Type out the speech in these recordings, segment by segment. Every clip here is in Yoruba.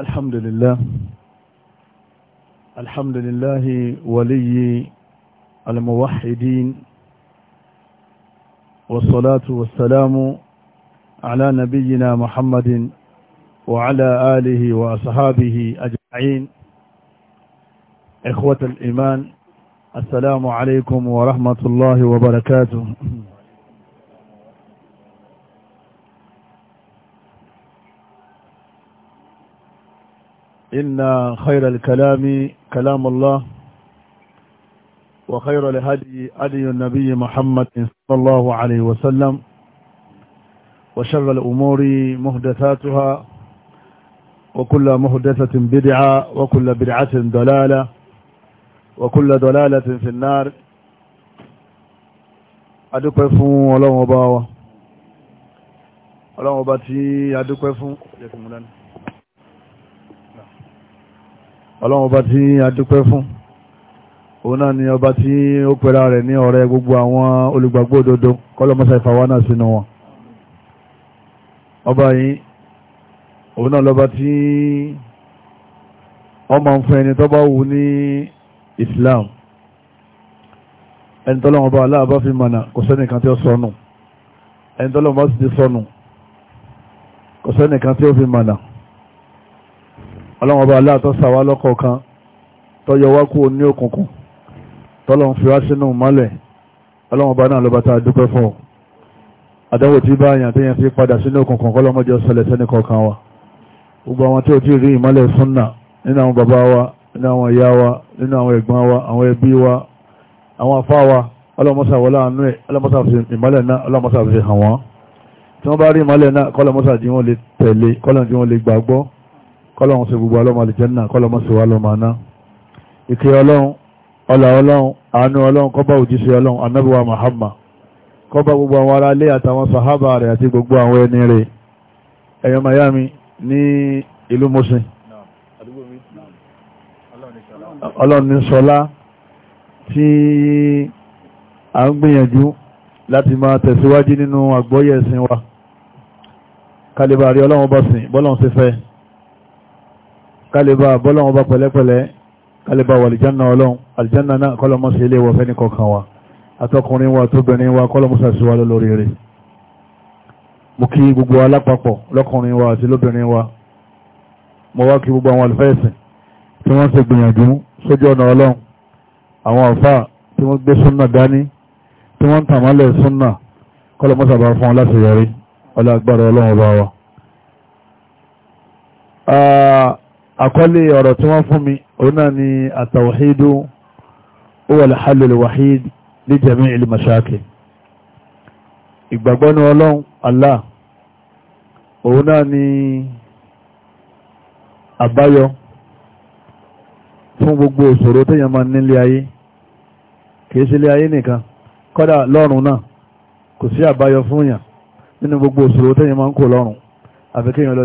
الحمد لله الحمد لله ولي الموحدين والصلاة والسلام على نبينا محمد وعلى آله وأصحابه أجمعين إخوة الإيمان السلام عليكم ورحمة الله وبركاته إن خير الكلام كلام الله وخير الهدي أدي النبي محمد صلى الله عليه وسلم وشر الأمور مهدثاتها وكل مهدثة بدعة وكل بدعة دلالة وكل دلالة في النار adúpẹ́ fún ọlọ́run ọba wa ọlọ́run ọba tí adúpẹ́ ọlọ́run ọba tí a dúpẹ́ fún òun náà ni ọba tí ó pẹ̀lá rẹ̀ ní ọ̀rẹ́ gbogbo àwọn olùgbàgbọ́ òdodo kọlọmọsà ìfàwọ́ náà sínú wọn ọba yìí òun náà lọ́ba tí wọ́n máa ń fún ẹni tó bá wù ní Islam ẹni tọ́lọ́wọ́n bá aláàbá fi mọ̀nà kò sẹ́nìkan tí ó sọnù ẹni tọ́lọ́wọ́n bá sì ti sọnù kò sẹ́nìkan tí ó fi mọ̀nà ọlọ́run ọba aláàtọ́ sàwá lọ́kọ̀ọ̀kan tọ́yọ wá kú ní òkùnkùn tọ́lọ́run fi wá sínú mọ́lẹ̀ ọlọ́run ọba náà lọ́ba tá a dúpẹ́ fún ọ àdánwò tí bá àyàn téèyàn fi padà sínú òkùnkùn kọ́lọ́mọdé ọ̀sẹ̀lẹ̀ sẹ́ni kọ̀ọ̀kan wa gbogbo àwọn tí ò tí ì rí ìmọ́lẹ̀ súnnà nínú àwọn bàbá wa nínú àwọn ìyá wa nínú àwọn ẹ̀gbọ́n wa àwọn ẹbí wa àwọn afá wa ọlọ́mọsà wọlá àánú ẹ̀ ọlọ́mọsà fi ìmọ́lẹ̀ náà ọlọ́mọsà fi hàn wọ́n tí kọ́lọ́run ṣe gbogbo ọlọ́mọ àlìjẹ́nà kọ́lọ́mọ sí wa lọ́mọ aná ìkẹ́ ọlọ́run ọlà ọlọ́run àánú ọlọ́run kọ́bá òjíṣẹ́ ọlọ́run anábíwá Muhammad kọ́bá gbogbo àwọn ará ilé àtàwọn sàhábà rẹ̀ àti gbogbo àwọn ẹni rẹ̀ ẹ̀yọ́ Miami ní ìlú Mùsìn ọlọ́run sọlá tí a ń gbìyànjú láti máa tẹ̀síwájú nínú àgbọ́yẹ̀ ẹ̀sìn wa kálíbà rí ọlọ́run bọ́sìn bọ́lọ́run ṣe fẹ́ kálíbà bọ́lọ́wọ́n bá pẹ̀lẹ́pẹ̀lẹ́ kálíbà wà alìjánà ọlọ́run alìjánà náà kọ́lọ́mọ́ sí ilé wọ̀fẹ́ nìkọ̀kan wa atọ́kùnrin wa tóbìnrin wa kọ́lọ́mọ́ sàṣíwá lórí rẹ̀ mo kí gbogbo alápapọ̀ lọ́kùnrin wa àti lóbìnrin wa mo wá kí gbogbo àwọn àlùfẹ́ẹ̀sìn tí wọ́n ṣe gbìyànjú sójú ọ̀nà ọlọ́run àwọn àfà tí wọ́n gbé súnà dání tí wọ́n ń tàmálẹ̀ súnà kọ́lọ́mọ́ sàbà fún láti yọrí ọlá agbára ọlọ́run ọba wa. Ah, àkọlé ọ̀rọ̀ tí wọ́n fún mi òun náà ni àtàwọ̀hídó ó wà láhàlùlù wàhíd ní jẹ̀mí ìlú mashaaki ìgbàgbọ́nú ọlọ́run Allah òun náà ni àbáyọ fún gbogbo òṣòro téèyàn máa nílé ayé kìí sílé ayé nìkan kọ́dà lọ́run náà kò sí àbáyọ fún yàn nínú gbogbo òṣòro téèyàn máa ń kó lọ́run àfikẹ́yàn lọ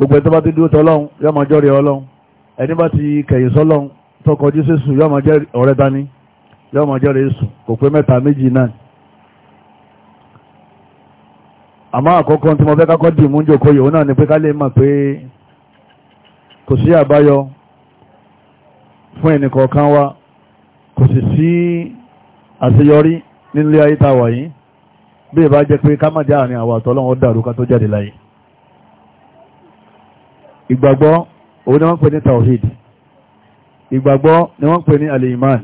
gbogbo ẹ̀ tó bá ti dúró tọ́lọ́hún yóò máa jọ́rìí ọlọ́hún ẹni bá ti kẹ̀yìn sọ́lọ́hún tó kọjú sẹ́sùn yóò máa jẹ́rìí ọ̀rẹ́ dání yóò máa jẹ́rìí sùn kò pé mẹ́ta méjì náà àmọ́ àkọ́kọ́ tí mo fẹ́ kákọ́ dì mú jòkó yòó náà ni pé ká lè mọ̀ pé kò sí àbáyọ fún ẹnìkọ̀ọ̀kan wa kò sì sí àṣeyọrí nílé ayé tá a wà yìí bí ìbá jẹ́ pé ká má jẹ́ àárín àwọn àtọ́lọ́wọ́ dàrú ká tó jáde láyé ìgbàgbọ́ òun ni wọ́n pè ní tawhid ìgbàgbọ́ ni wọ́n pè ní al-iman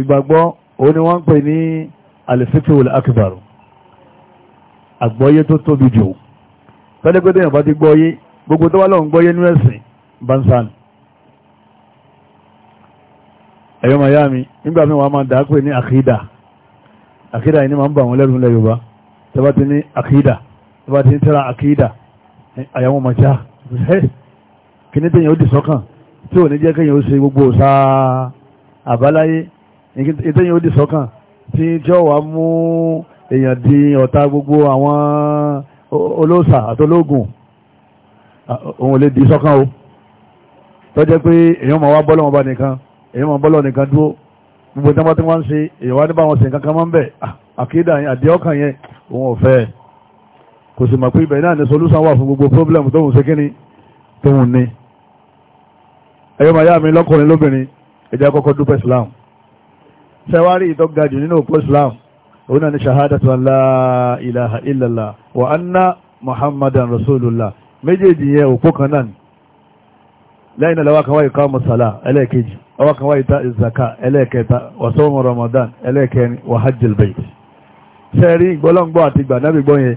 ìgbàgbọ́ òun ni wọ́n pè ní al-fiqhul akbar àgbọ́yé tó tóbi jù pẹ́lẹ́gbẹ́dẹ́ yàn bá ti gbọ́yé gbogbo tó wá lọ́n gbọ́yé ní ẹ̀sìn bansan ẹ̀yọ́ miami nígbà mí wọ́n máa dà pé ní àkídà àkídà yìí ni máa ń bà wọ́n lẹ́rù nílẹ̀ Yorùbá tẹ́bá ti ní àkídà tẹ́bá ti ní tẹ́ra àkídà àyàwó màjá kìíní tẹ̀yìn ó dì sọ́kàn tí ò ní jẹ́ kẹ́yìn ó ṣe gbogbo ọ̀sá àbáláyé ìtẹ̀yìn ó dì sọ́kàn tí tí ó wà mú èèyàn di ọ̀tá gbogbo àwọn olóòṣà àtológùn òun ò lè di sọ́kàn o tọ́jẹ́ pé èèyàn máa wá bọ́lọ́ wọn bá nìkan èèyàn máa bọ́lọ́ nìkan dúró gbogbo tí wọ́n ti wá ń ṣe èèyàn wá ní bá wọn ṣe nǹkan kan máa ń bẹ̀ àkídà àdéhọ́kàn yẹn òun ò fẹ́ kò sì mọ̀ pé ibẹ̀ náà ni solúsàn wà fún gbogbo problem tóhun ṣe kíní tóhun ní ẹ̀yọ́ màá yá mi lọ́kùnrin lóbìnrin ẹ̀jẹ̀ àkọ́kọ́ dúpẹ́ Islam ṣẹwárí ìtọ́ ga jù nínú òpó Islam òun náà ni ṣahadatu an la ilaha illallah wa anna muhammadan rasulullah méjèèjì yẹn òpó kan náà lẹ́yìn lọ́wọ́ kan wáyé káwọn mọ̀sálà ẹlẹ́ẹ̀kejì ọwọ́ kan wáyé ta ìzàká ẹlẹ́ẹ̀kẹta wàsọ́wọ́n ramadan ẹlẹ́ẹ̀kẹrin wàhájìlbẹ̀ẹ́ sẹ́ẹ̀rí ìgbọ́lọ́ngbọ́ àti gbàdábìgbọ́ yẹn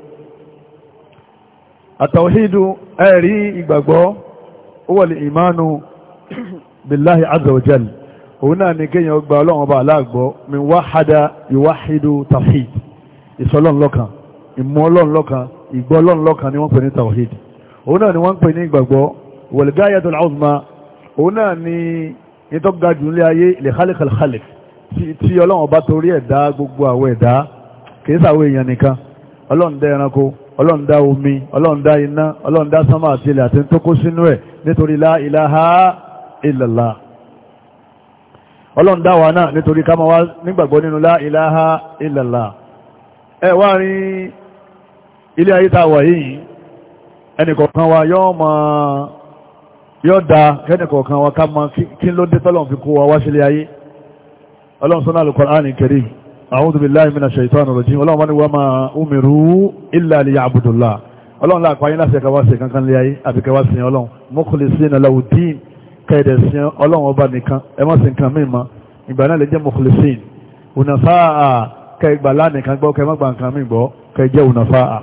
àtàwọ̀hídù ẹ̀rí ìgbàgbọ́ ó wà lè ìmánu billahi azza wa jal òun náà ni kéèyàn gba ọlọ́run ọba aláàgbọ́ min wáhada ìwáhídù tawhid ìsọlọ́nlọ́kan ìmú ọlọ́nlọ́kan ìgbọ́ ọlọ́nlọ́kan ni wọ́n pè ní tawhid òun náà ni wọ́n pè ní ìgbàgbọ́ walgayatul uzma òun náà ni ìtọ́gajù nílé ayé li khaliqil khaliq tí ọlọ́run ẹ̀dá ọlọ́run dẹ́ ẹranko ọlọ́run dá omi ọlọ́run dá iná ọlọ́run dá sánmà àti ilẹ̀ àti tó kó sínú ẹ̀ nítorí la ilaha illallah ọlọ́run dá wa náà nítorí ká máa wá nígbàgbọ́ nínú la ilaha illallah ẹ wá rí ilé ayé tá wà yìí ẹnìkọ̀ọ̀kan wa yọ́ ma yọ́ da ẹnìkọ̀ọ̀kan wa ká máa kí ló dé tọ́lọ́run fi kó wa wá sílé ayé ọlọ́run sọ́nà al a'udhu billahi minash shaitanir rajim ọlọ́run bá ní wa ma umiru illa liya'budullah ọlọ́run láàpá yín láti ẹ̀ka wá sí kankan lé ayé àbí kẹwàá sí ọlọ́run mukhlisina lahu din kẹ́ẹ̀dẹ̀ sí ọlọ́run ọba nìkan ẹ má sí nǹkan mí mọ́ ìgbà náà lè jẹ́ mukhlisin ònàfáà kẹgbà lánìkan gbọ́ kẹ mọ́gbà nǹkan mí gbọ́ kẹ jẹ́ ònàfáà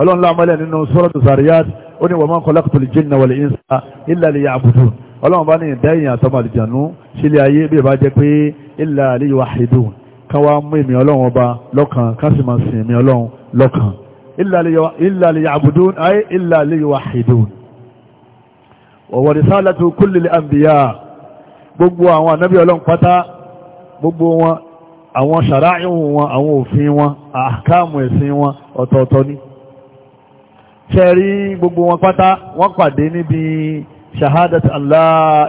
ọlọ́run láàmọ́lẹ̀ nínú suratu zariyat ó ní wa ma khalaqtul jinna wal insa illa liya'budun ọlọ́run bá ní ìdẹ́yìn àtọ́mọ̀ àlìjànú sílé ayé bí ìbá jẹ́ pé illa liyuwahhidun kan wá mú èmì ọlọ́run ọba lọ́kàn kan sì máa sin èmì ọlọ́run lọ́kàn illa liya'budun ay illa liyuwahhidun wa risalatu kulli al-anbiya gbogbo àwọn ànábì ọlọ́run pátá gbogbo wọn àwọn ṣàráìhùn wọn àwọn òfin wọn àkáàmù ẹ̀sìn wọn ọ̀tọ̀ọ̀tọ̀ ni ṣẹ́rí gbogbo wọn pátá wọ́n pàdé níbi shahadat an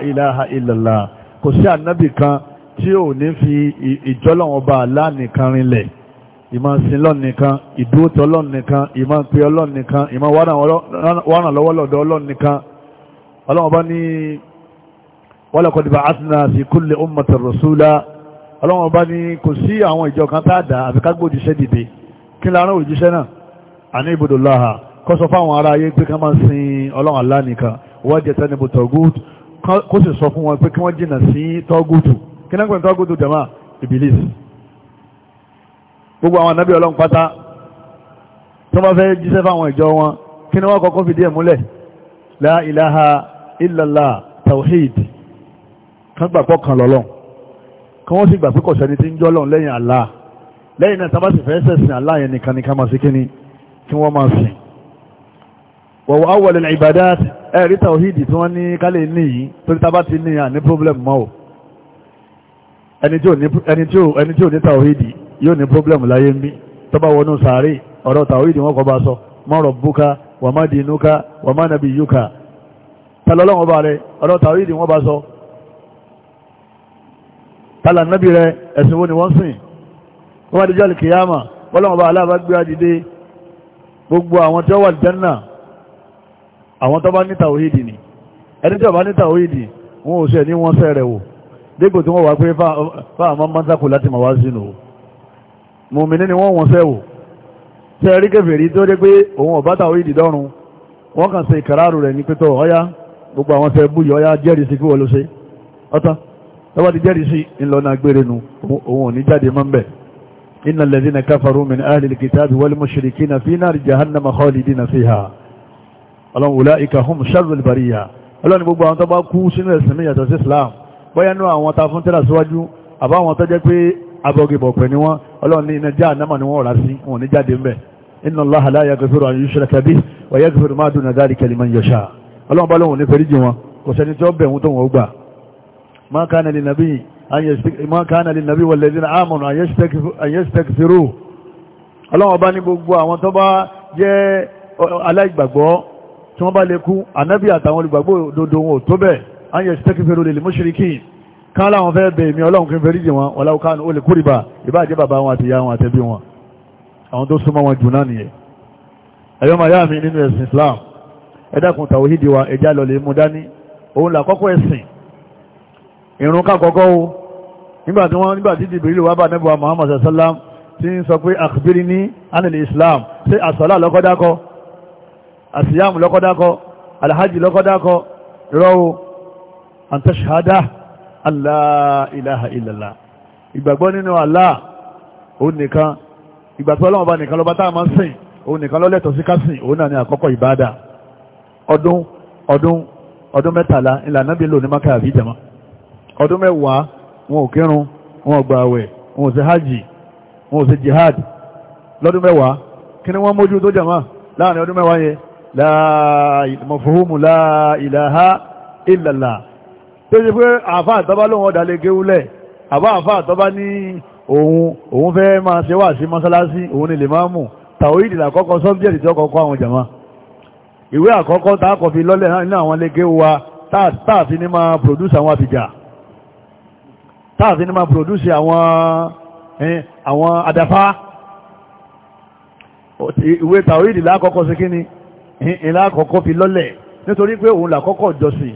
ilaha illallah kò sí ànábì kan tí ò ní fi ìjọ́lọ́wọ́ba lánìkan rinlẹ̀ ìmọ̀ sinlọ́nìkan ìdúrótọ́ lọ́nìkan ìmọ̀ pe ọlọ́nìkan ìmọ̀ wárànlọ́wọ́ lọ́dọ̀ ọlọ́nìkan ọlọ́wọ́ba ní walaqad ba'athna fi kulli ummatin rasula ọlọ́wọ́ba ní kò sí àwọn ìjọ kan tá a dà àfi ká gbòdìṣẹ́ dìde kí lára òjíṣẹ́ náà àní ibùdó láha kó sọ fáwọn ará ayé pé ká máa sin ọlọ́wọ́n lánìkan wọ́n jẹ́ tẹ́nibù tọ́gùtù kó sì sọ fún wọn pé kí wọ́n jìnnà sí tọ́gùtù kí náà pẹ̀lú tọ́gùtù jama ibilis gbogbo àwọn anábì ọlọ́run pátá tó bá fẹ́ jíṣẹ́ fáwọn ìjọ wọn kí ni wọ́n kọ́kọ́ fìdí ẹ̀ múlẹ̀ la ilaha illallah tawhid kan gbàgbọ́ kan lọ́lọ́run kan wọ́n sì gbà pé kò tí ń jọ́ lọ́run lẹ́yìn Allah lẹ́yìn náà tá bá sì fẹ́ sẹ̀sìn Allah yẹn nìkan nìkan máa sí kíní kí wọ́n máa sìn wọ̀wọ̀ awọ̀lẹ̀ ìbàdá ẹ̀rí tawhid tí wọ́n ní kálẹ̀ ní yìí torí tá ti ní à ní problem mọ́ ẹni tí ò ní tàwídì yóò ní problem láyé mí tó bá wọnú sàárè ọ̀rọ̀ tàwídì wọ́n kọ bá sọ ma rabbuka wa ma dinuka wa ma nabiyuka tàlọ́lọ́wọ́ bá rẹ ọ̀rọ̀ tàwídì wọ́n bá sọ ni wọ́n sìn wọ́n adijọ́ alìkìyàmà bọ́lọ́wọ́ bá aláàbá gbé adìde gbogbo ni ẹni tí ó bá ní tàwídì wọn dépò tí wọ́n wà pé fáàmọ́ mọ́tàkù láti màwá sínú mùmìnì ni wọ́n wọ́n sẹ́wò tẹ́ rí kèfèrí tó dé pé òun ọ̀bátà orí ìdìdọ́run wọ́n kàn ṣe ìkàràrù rẹ̀ ní pẹ́tọ̀ ọya gbogbo àwọn tẹ́ búyọ ọya jẹ́rìí sí kí wọ́n ló ṣe ọ̀tá tọ́wọ́ ti jẹ́rìí sí ńlọ́nà gbére nu òun ò ní jáde mọ́ mbẹ̀ inna alladhina kafaru min ahli alkitabi wal mushrikina fi nari jahannama khalidina fiha ọlọ́run ulaika hum sharrul bariya ọlọ́run gbogbo àwọn tó bá kú sínú ẹ̀sìn mi yàtọ̀ sí islam bọ́yánú àwọn ta fún tẹ́lá síwájú àbáwọn tó jẹ́ pé abọ́gibọ̀pẹ̀ ni wọ́n ọlọ́run ní iná já ànámà ni wọ́n rà sí wọn ní jáde ń bẹ̀ inna Allaha la yaghfiru an yushraka bihi wa yaghfiru ma duna dhalika liman yasha ọlọ́run bá lóhun ní fẹ́ríjì wọn kò sẹ́ni tí ó bẹ̀ wọn tó wọn gbà ma kana lin an yastaghfiru lil mushrikin kan láwọn fẹ́ bẹ̀ mí ọlọ́run kí n fẹ́ ríjì wọn walau kanu uli qurba ìbá jẹ́ bàbá wọn àti ìyá wọn àtẹ́bí wọn àwọn tó súnmọ́ wọn jù náà nìyẹn ẹ̀yọ́ máa yá mi nínú ẹ̀sìn Islam ẹ̀dàkùn tàwíhìdì wa ẹ̀já lọ lè mú dání òun làkọ́kọ́ ẹ̀sìn ìrun kákọ́kọ́ o nígbàtí wọ́n nígbàtí dìbìrì wà bá nẹ́bùwà Muhammad sallam ti ń sọ pé àkùbírí ní anil Islam ṣe àsọ̀lá lọ́kọ́dákọ́ àsìyàmù lọ́kọ́dákọ́ alhaji lọ́kọ́dákọ́ rọ́wọ́ an tashhada Allah ilaha illallah ìgbàgbọ́ nínú Allah òun nìkan ìgbàgbọ́ ọlọ́run ọba nìkan lọ́ba tá a máa ń sìn òun nìkan lọ́lẹ́tọ̀ sí kásìn òun náà ni àkọ́kọ́ ìbáadà ọdún ọdún ọdún mẹ́tàlá ìlànà bí lò ní maka àbí jama ọdún mẹ́wàá wọn ò kírun wọn ò gbààwẹ̀ wọn ò ṣe hajj wọn ò ṣe jihad lọ́dún mẹ́wàá kí ni wọ́n mójú tó jama láàrin ọdún mẹ́wàá yẹn láàá tó ṣe pé àfá àtọ́bá lóun ọ̀dà lè géwúlẹ̀ àbá àfá àtọ́bá ní òun òun fẹ́ máa ṣe wà sí mọ́sálásí òun ni lè máa mú tàwíìdì làkọ́kọ́ sọ́bjẹ̀tì tí ó kọ́kọ́ àwọn jàmá ìwé àkọ́kọ́ tá a kọ̀ fi lọ́lẹ̀ nínú àwọn lẹ́gẹ́ wa táàfi ní máa produce àwọn àbìjà táàfi ní máa produce àwọn àwọn àdàfá ìwé tàwíìdì làkọ́kọ́ sí kíni ìlà àkọ́kọ́ fi lọ́lẹ̀ nítorí pé òun làkọ́kọ́ jọ́sìn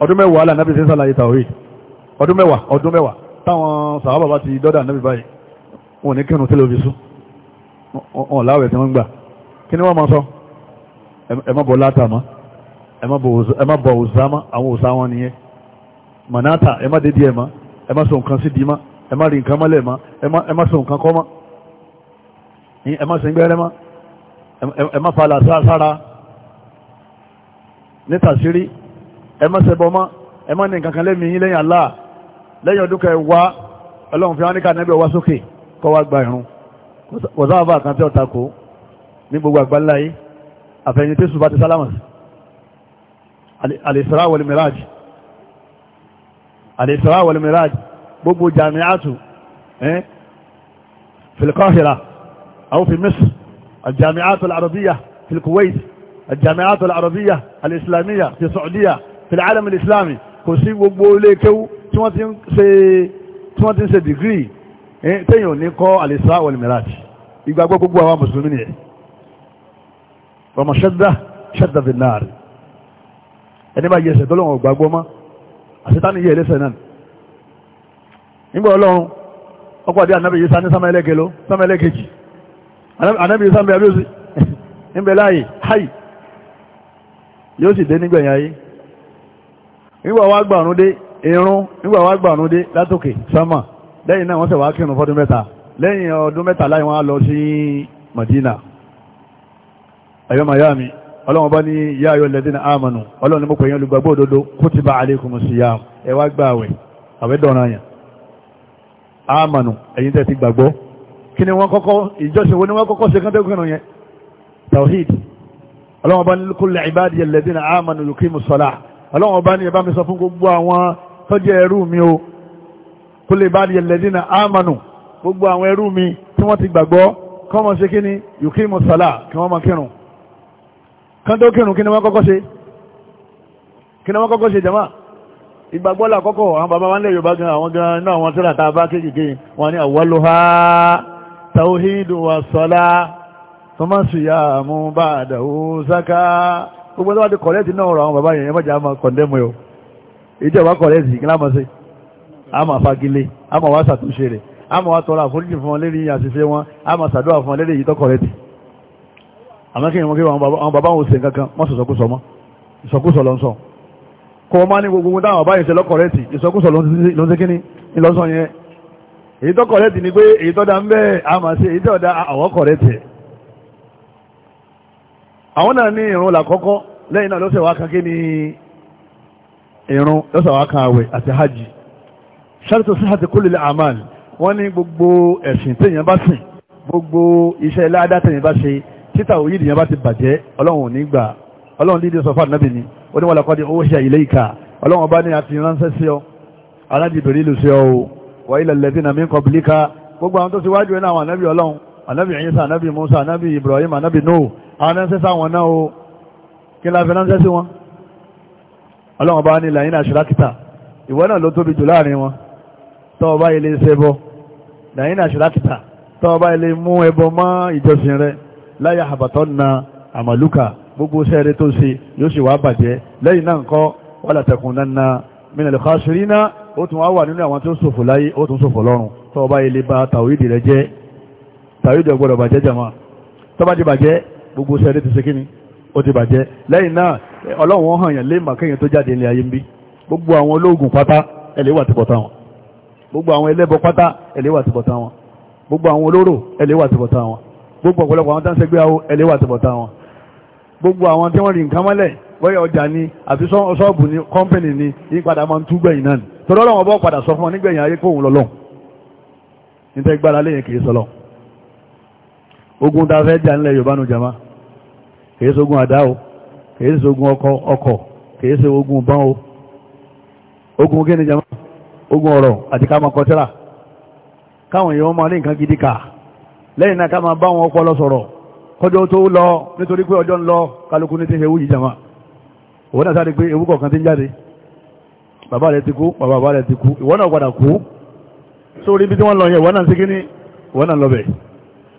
ọdún mẹ́wàá là nábì sẹ́sà láyé tàwé ọdún mẹ́wàá ọdún mẹ́wàá táwọn sàábà bá ti dọ́dà nábì báyìí wọn ní kírun tí ló fi sún wọn láwẹ̀ tí wọ́n ń gbà kí ni wọ́n máa sọ ẹ má bọ látàmá ẹ má bọ òsàmá àwọn òsà wọn nìyẹn mànáta ẹ má dédí ẹ má ẹ má so nǹkan sí di má ẹ má rí nǹkan mọ́lẹ̀ má ẹ má so nǹkan kọ́ má ẹ má sìn gbẹ́rẹ́ má ẹ má falà sára níta ẹ má ṣẹbọ mọ́ ẹ má ní kankan lẹ́mìí yín lẹ́yìn Allah lẹ́yìn ọdún kan ẹ wá ọlọ́run fi wá ní kànáàbí ọwá sókè kọ́ wá gba ìrun wọ̀sáàbà kan tí ó takò ní gbogbo àgbáńlá yìí àfẹ̀yìn tí sùbá ti sálámà al-Isra wal-Miraj al-Isra wal-Miraj gbogbo jami'atu fil fi Misr al-jami'atu al-Arabiyya fil Kuwait al-jami'atu al-Arabiyya fìlà alamu islami kò sí gbogbo ilé kéwú tí wọ́n ti ń ṣe tí wọ́n ti ń ṣe dìgírì téèyàn ò ní kọ́ al-Isra wal-Miraj ìgbàgbọ́ gbogbo àwọn mùsùlùmí nìyẹn ọmọ ṣẹ́dá ṣẹ́dá fi náàrí ẹni bá yẹsẹ̀ tọ́lọ́wọ̀n gbàgbọ́ mọ́ àṣetáni yẹ ẹlẹ́sẹ̀ náà nígbà ọlọ́run ọkọ̀ àdé ànábì yìí sá ní ẹlẹ́kẹ̀ló sámà ẹlẹ́kẹ̀jì ànábì yìí sámà ẹlẹ́kẹ̀jì níbẹ̀ láàyè háì yóò sì dé nígbẹ̀yìn ayé nígbà wá gbàrún dé irun nígbà wá gbàrún dé látòkè sámà lẹ́yìn náà wọ́n sẹ̀ wá kírun fọ́dún mẹ́ta lẹ́yìn ọdún mẹ́ta láì wọ́n á lọ sí Madina ayọ́mayá mi ọlọ́wọ́n bá ní yá ayọ́ lẹ́dínà àmànù ọlọ́wọ́n ní mo pè yín olùgbàgbọ́ òdodo kutiba alaykumus siyam ẹ wá gba àwẹ̀ àwẹ̀ dọ̀ràn yàn àmànù ẹ̀yin tẹ́ ti gbàgbọ́ kí ni wọ́n kọ́kọ́ ìjọsìn wo ni wọ́n kọ́kọ́ ṣe kántẹ́kùnrin yẹn tawhid ọlọ́wọ́n bá ní kulli ibadiya lẹ́dínà àmànù yuqimus salah ọlọ́run ọba ní ẹ bá mi sọ fún gbogbo àwọn tọ́jú ẹrú mi o kó lè bá yẹ lẹ́dínà ámànù gbogbo àwọn ẹrú mi tí wọ́n ti gbàgbọ́ kọ́ mọ̀ ṣe kíni yòókì mọ̀sálà kí wọ́n mọ̀ kírun kán tó kírun kí ni wọ́n kọ́kọ́ ṣe kí ni wọ́n kọ́kọ́ ṣe jama ìgbàgbọ́ làkọ́kọ́ àwọn bàbá wa ń lè yorùbá gan àwọn gan iná àwọn tíra tá a bá kéékèèké wọn ni àwọlùhà tàwíhìdù wà sọlá tọmọsùyà mú bàdàwó zaka gbogbo tó bá náà rọ àwọn bàbá yẹn mọ́jà máa kọ̀ndẹ́mù yọ ìjọ bá kọ̀lẹ́tì kí lámọ́ sí a ma fagilé a máa wá rẹ̀ a máa wá àforíjì fún wọn lérí àṣìṣe wọn a fún wọn ìyítọ́ kí bàbá wọn kankan ìsọkúsọ sọ máa ní gbogbo yẹn ìsọkúsọ ló ń yẹn èyítọ́ ni pé èyítọ́ da ń a àwọn náà ní ìrún làkọ́kọ́ lẹ́yìn náà lọ́sẹ̀ wá kan kí ni ìrún lọ́sẹ̀ wá kan àwẹ̀ àti hajj ṣáàtò síhàtì kó lè àmàlì wọ́n ní gbogbo ẹ̀sìn téèyàn bá sìn gbogbo iṣẹ́ ládá téèyàn bá ṣe títà òyìn ìyẹn bá ti bàjẹ́ ọlọ́run ò ní gbà ọlọ́run lídìí sọ fún ànábì ni ó ní wọ́n lọ́kọ́ di owó ṣe ilé ìka ọlọ́run bá ní àti ránṣẹ́ sí ọ aládìbèrè ìlú sí ọ o wà ilẹ̀ lẹ́bí nàmí ń kọ̀bìlíkà Ibrahim ànábì Nuh àwọn ẹnsẹ́ sáwọn náà o kí la fi ránṣẹ́ sí wọn ọlọ́run bá ní làyínà ṣìlákítà ìwọ náà ló tóbi jù láàrin wọn tọ́ ọba ilé iṣẹ́ bọ làyínà ṣìlákítà tọ́ ọba ilé mú ẹbọ mọ́ ìjọsìn rẹ láyà àbàtọ́ na àmàlúkà gbogbo sẹ́ẹ̀rẹ́ tó ṣe yóò sì wá bàjẹ́ lẹ́yìn náà nǹkan wà látẹ̀kùn nánà minal khasirina ó tún wá wà nínú bàjẹ́ gbogbo sẹ́rẹ́ ti ṣe ni ó ti bàjẹ́ lẹ́yìn náà ọlọ́run hàn yàn lé màkẹ́yìn tó jáde ilé ayé ń bí gbogbo àwọn olóògùn pátá ẹ̀lẹ́wà ti bọ̀tá wọn gbogbo àwọn ẹlẹ́bọ pátá ẹ̀lẹ́wà ti bọ̀tá wọn gbogbo àwọn olóró ẹ̀lẹ́wà ti bọ̀tá wọn gbogbo ọ̀pọ̀lọpọ̀ àwọn táǹsẹ̀ gbé àwọ ẹ̀lẹ́wà ti bọ̀tá wọn gbogbo àwọn tí wọ́n rí nǹkan mọ́lẹ̀ bóyá ọjà ni àti ṣọ́ọ̀bù ni kọ́ńpìnì ni yí padà máa ń tú gbẹ̀yìn náà ni torí ọlọ́run ọba padà sọ fún ọ nígbẹ̀yìn ayé kóhun lọ́lọ́hun nítorí gbára lẹ́yìn kìí sọlọ́hun ogun tá a fẹ́ jà ńlẹ̀ Yorùbá nu jama kìí ṣogun àdá o kìí ṣogun ọkọ̀ kìí ṣe ogun bán o ogun kí ni jẹ́ ogun ọ̀rọ̀ àti ká máa kọtíra káwọn èèyàn máa ní nǹkan gidi kà lẹ́yìn náà ká máa bá wọn tó lọ nítorí pé ń lọ kálukú ní ti ṣe òun náà ewu kọ̀ọ̀kan ti ń jáde bàbá ti kú bàbá ti kú ìwọ náà padà kú sórí ibi tí wọ́n lọ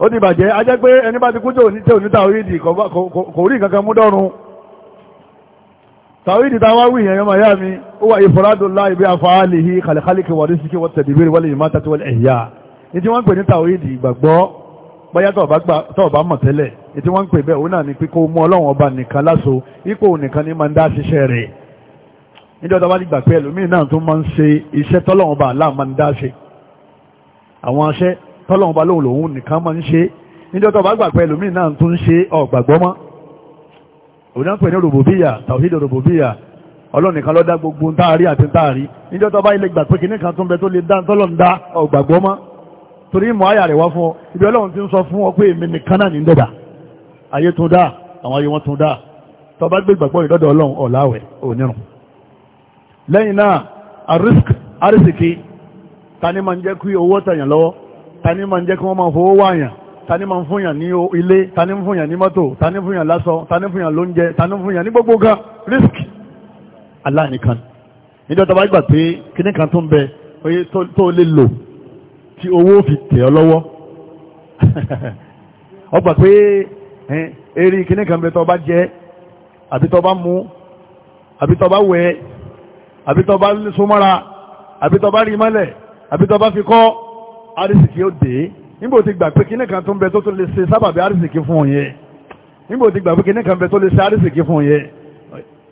ó ti bàjẹ́ a jẹ́ pé ẹni bá ti kú tí ò ní tàwídì kò rí kankan mú dọ́run tàwídì táwa wí yẹn yọmọ ya mi ó wà ìfọ́rádùn láì bí afáàlìhí kàlẹ́kàlẹ́kì wà rísíkì wọ́n tẹ̀dìbìrì wọ́n lè má tàtí wọ́n ẹ̀yà ní tí wọ́n ń pè ní tàwídì ìgbàgbọ́ bóyá tọ́ọ̀bá mọ̀ tẹ́lẹ̀ ní tí wọ́n ń pè bẹ́ẹ̀ òun náà ni pé kó mú ọlọ́run ọba nìkan láṣo ipò nìkan ní máa ń dá ṣiṣẹ́ rẹ̀ níjọ́ tó bá ti gbà pé ẹlòmíì náà tún máa ń ṣe iṣẹ́ tọ́lọ́run ọba aláà máa ń dá ṣe àwọn aṣẹ́ tọ́lọ́wọ́n bá lóhùn lòun nìkan máa ń ṣe níjọ́ tó bá gbà pé ẹlòmíì náà tún ṣe ọ̀gbàgbọ́ mọ́ òun náà pè ní rògbòbíyà tàwíìdì rògbòbíyà ọlọ́run nìkan ló dá gbogbo ń táàrí àti ń táàrí níjọ́ tó bá ilé gbà pé kìnnìkan tó ń bẹ tó lè dá tọ́lọ́ ń dá ọ̀gbàgbọ́ mọ́ torí ìmọ̀ ayà rẹ̀ wá fún ọ ibi ọlọ́run ti ń sọ fún ọ pé èmi nìkan náà ní ń dẹ̀dà ayé tún dá àwọn ayé wọn tún dá tó bá gbé ìgbàgbọ́ ìdọ́dọ̀ ọlọ́run ọ̀làwẹ̀ onírun lẹ́yìn náà àrísìkì ta ni máa ń jẹ́ kí owó tẹ̀yàn lọ́wọ́ Tani ni máa ń jẹ́ kí wọ́n máa fowó wáyàn ta ni máa ń fúnyàn ní ilé ta ni ń fúnyàn ní mọ́tò ta ni fúnyàn lásọ ta ni fúnyàn lóúnjẹ ta ni fúnyàn ní gbogbo gan risk Allah nìkan níjọ́ tó bá gbà pé kíní kan tó ń bẹ oye tó lè lò tí owó fi tẹ̀ ọ́ lọ́wọ́ ọ gbà pé eré kíní kan bẹ tó bá jẹ àbí tó bá mu àbí tó bá wẹ̀ àbí tó bá súnmọ́ra àbí tó bá rí mọ́lẹ̀ àbí tó bá fi kọ́ arísìkí ó dé níbo ti gbà pé kíní kan tó ń bẹ tó tó lè ṣe sábàbí arísìkí fún un yẹn níbo ti gbà pé kíní kan bẹ tó lè ṣe arísìkí fún un yẹn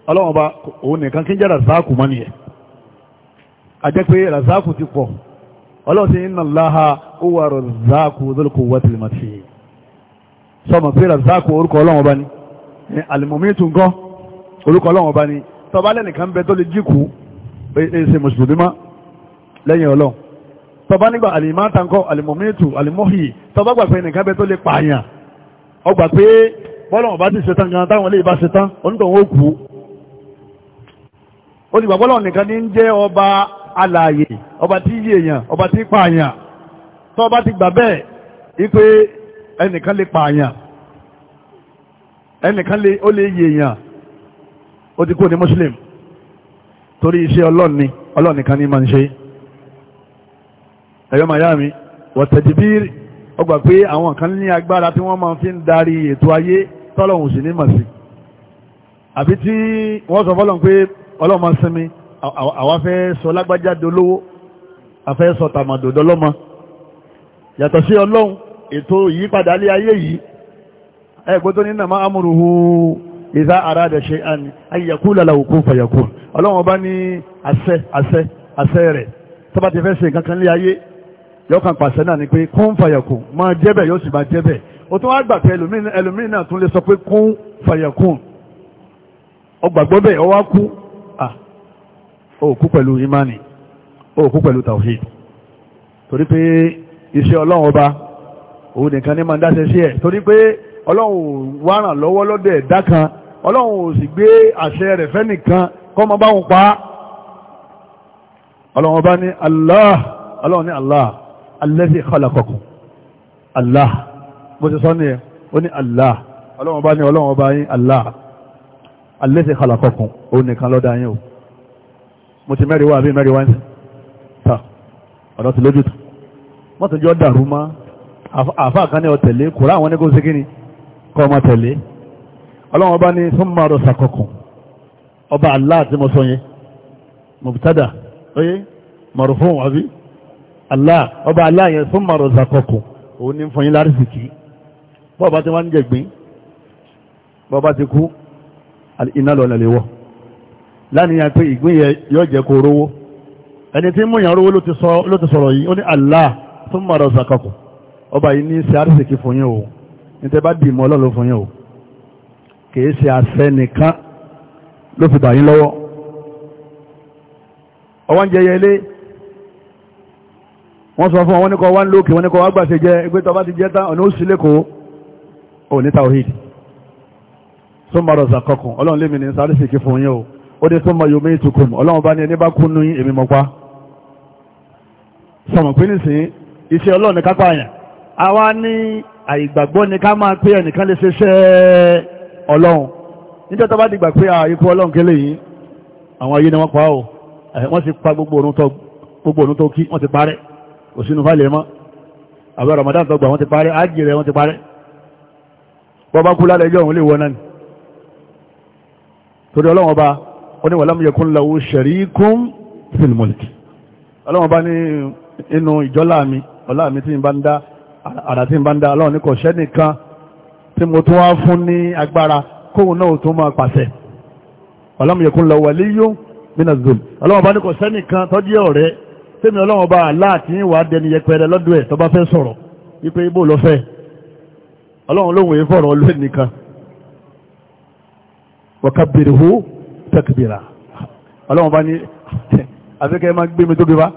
ọlọ́wọ́n bá òun nìkan kí ń jẹ́ razaku mọ́ nìyẹn a jẹ́ pé razaku ti pọ̀ ọlọ́wọ́n ti ń nà láha ó wà razaku dhul quwwatil matin sọmọ pé razaku orúkọ ọlọ́wọ́n bá ní alimomitu nǹkan orúkọ ọlọ́wọ́n bá ní tọ́balẹ̀ nìkan bẹ tó lè jíkù ẹ ṣe mùsùlùmí mọ́ lẹ́yìn ọlọ́wọ́n tọba nígbà àlìmátàǹkọ́ àlìmọ̀mẹ́tù àlìmọ́hì tọba gbà pé nìkan bẹ tó lè pààyàn ọgbà pé bọ́lọ̀wọ̀n bá ti ṣetán gan táwọn ilé ìbá ṣetán onítọ̀wọ́ òkú ó ti gbàgbọ́lọ̀ nìkan ní ń jẹ́ ọba alààyè ọba tí yí èèyàn ọba tí pààyàn tọba ti gbà bẹ́ẹ̀ wípé ẹnìkan lè pààyàn ẹnìkan ó lè yí èèyàn ó ti kú ní mùsùlùm torí iṣẹ́ ọlọ́ọ̀ni ọlọ́ọ̀nìkan ní máa ń ṣe é ẹ̀yọ́ miami wọ̀tẹ̀dìbírí ọgbà pé àwọn kan ní agbára tí wọ́n máa fi ń darí ètò ayé tọ́lọ̀hùn sí ní màsí àbí tí wọ́n sọ fọ́lọ̀ pé ọlọ́mọ sinmi àwa fẹ́ sọ lágbájá dolówó afẹ́ sọ tàmàdò dọlọ́mọ yàtọ̀ sí ọlọ́run ètò ìyípadà alẹ́ ayé yìí ẹgbẹ́ tó ní nàmá amúrùhù ìdá àràdà ṣe àní ayẹ̀kú lálàwòkú fàyẹ̀kú ọlọ́run ọba ní àṣẹ àṣẹ àṣẹ rẹ̀ tọ́ba ti fẹ́ ṣe nǹkan kan lé ayé yọkàn pàṣẹ náà ni pé kún fàyàkùn máa jẹ́bẹ̀ yóò sì máa jẹ́bẹ̀ o tún wá gbà pé ẹlòmíín náà tún lè sọ pé kún fàyàkùn ọgbàgbọ́ bẹ́ẹ̀ ọwá kú òkú pẹ̀lú imani òkú pẹ̀lú tawhid torí pé iṣẹ́ ọlọ́run ọba òun nìkan ní máa dáṣẹ́ sí ẹ̀ torí pé ọlọ́run wá ràn lọ́wọ́ lọ́dọ̀ ẹ̀dá kan ọlọ́run ò sì gbé àṣẹ rẹ̀ fẹ́nìkan kọ́ mọ báwọn pa ọlọ́run ọba ní Allah ọlọ́run ní Allah alladhi khalaqakum Allah bó ti sọ ní ẹ ó ní Allah ọlọ́run bá ní ọlọ́run bá yín Allah alladhi khalaqakum ó nìkan lọ́dá yín o mo ti mẹ́rin wá àbí mẹ́rin wá ń ta ọ̀dọ́ ti lójú tó wọ́n ti jọ dàrú mọ́ àfáà kan ní ọ tẹ̀lé kùrá àwọn oníkó síkí kọ́ ọmọ tẹ̀lé ọlọ́run bá ní thumma rasakakum ọba Allah tí Allah ọba Allah yẹn fún mọ̀rọ̀ zakọkù òun ní fún yín lárísìkí bọ́ọ̀bá ti wá ń jẹ̀gbín bọ́ọ̀bá ti kú iná lọ lẹ́lẹ́wọ́ láníyàn pé ìgbín yẹ yóò jẹ́ kó rówó ẹni tí mú yàn rówó ló ti sọ̀rọ̀ yìí ó ní Allah fún mọ̀rọ̀ zakọkù ọba yìí ní ṣe àrísìkí fún yín o ní tẹ́ bá dì mọ́ ọlọ́run fún yín o kìí ṣe àṣẹ nìkan ló fi bà yín lọ́wọ́ ọwọ́n jẹyẹ ilé wọ́n sọ fún wọn ní kọ wá ń lókè wọn ní kọ wá gbàṣẹ jẹ ẹgbẹ́ tó bá ti jẹ́ tán ọ̀nà òsì lẹ́kọ̀ọ́ ò ní tawhid tó ń bá rọ̀ sàkọkùn ọlọ́run lèmi ní sáré sì kí fún yín o ó dé tó ń bá yomi ìtukùn ọlọ́run bá ní ẹni bá kú ní èmi mọ́pá sọmọ pé nísìnyí iṣẹ́ ọlọ́run ní kápá àyàn àwa ní àìgbàgbọ́ ni ká máa pé ẹnìkan lè ṣeṣẹ́ ọlọ́run níjọ́ tó bá dìgbà pé àìkú ọlọ́run kélé yìí àwọn ayé ni wọ́n pa ó wọ́n ti pa gbogbo òrùn tó kí wọ́n ti parẹ́ òsínú fàlẹ̀ mọ́ àbẹ́ Ramadan tọgbà wọ́n ti parẹ́ ájì rẹ̀ wọ́n ti parẹ́ bọ́bá kú lálẹ́ ẹjọ́ òun lè wọ́n náà torí ọlọ́wọ́n bá ó ní walam yakun lahu sharikun fil mulki ọlọ́wọ́n bá ní inú ìjọ́lá mi ọlá mi tí n bá ń dá àdá tí n bá ń dá ọlọ́wọ́n ní kò sẹ́nìkan tí mo tún wá fún ní agbára kóhun náà tó máa pàṣẹ walam yakun lahu waliyyun minaz-zulm ọlọ́wọ́n bá ní kò sẹ́nìkan tọ́jú ọ̀rẹ́ tẹ́mi ọlọ́wọ́n bá aláàtí wà á dẹni yẹpẹrẹ lọ́dún ẹ̀ tó bá fẹ́ sọ̀rọ̀ wípé ibò lọ fẹ́ ọlọ́run lóhun èé fọ̀rọ̀ olóhùn nìkan wakabbirhu takbira ọlọ́run bá ní afẹ́kẹ́ máa gbé mi tó bí wá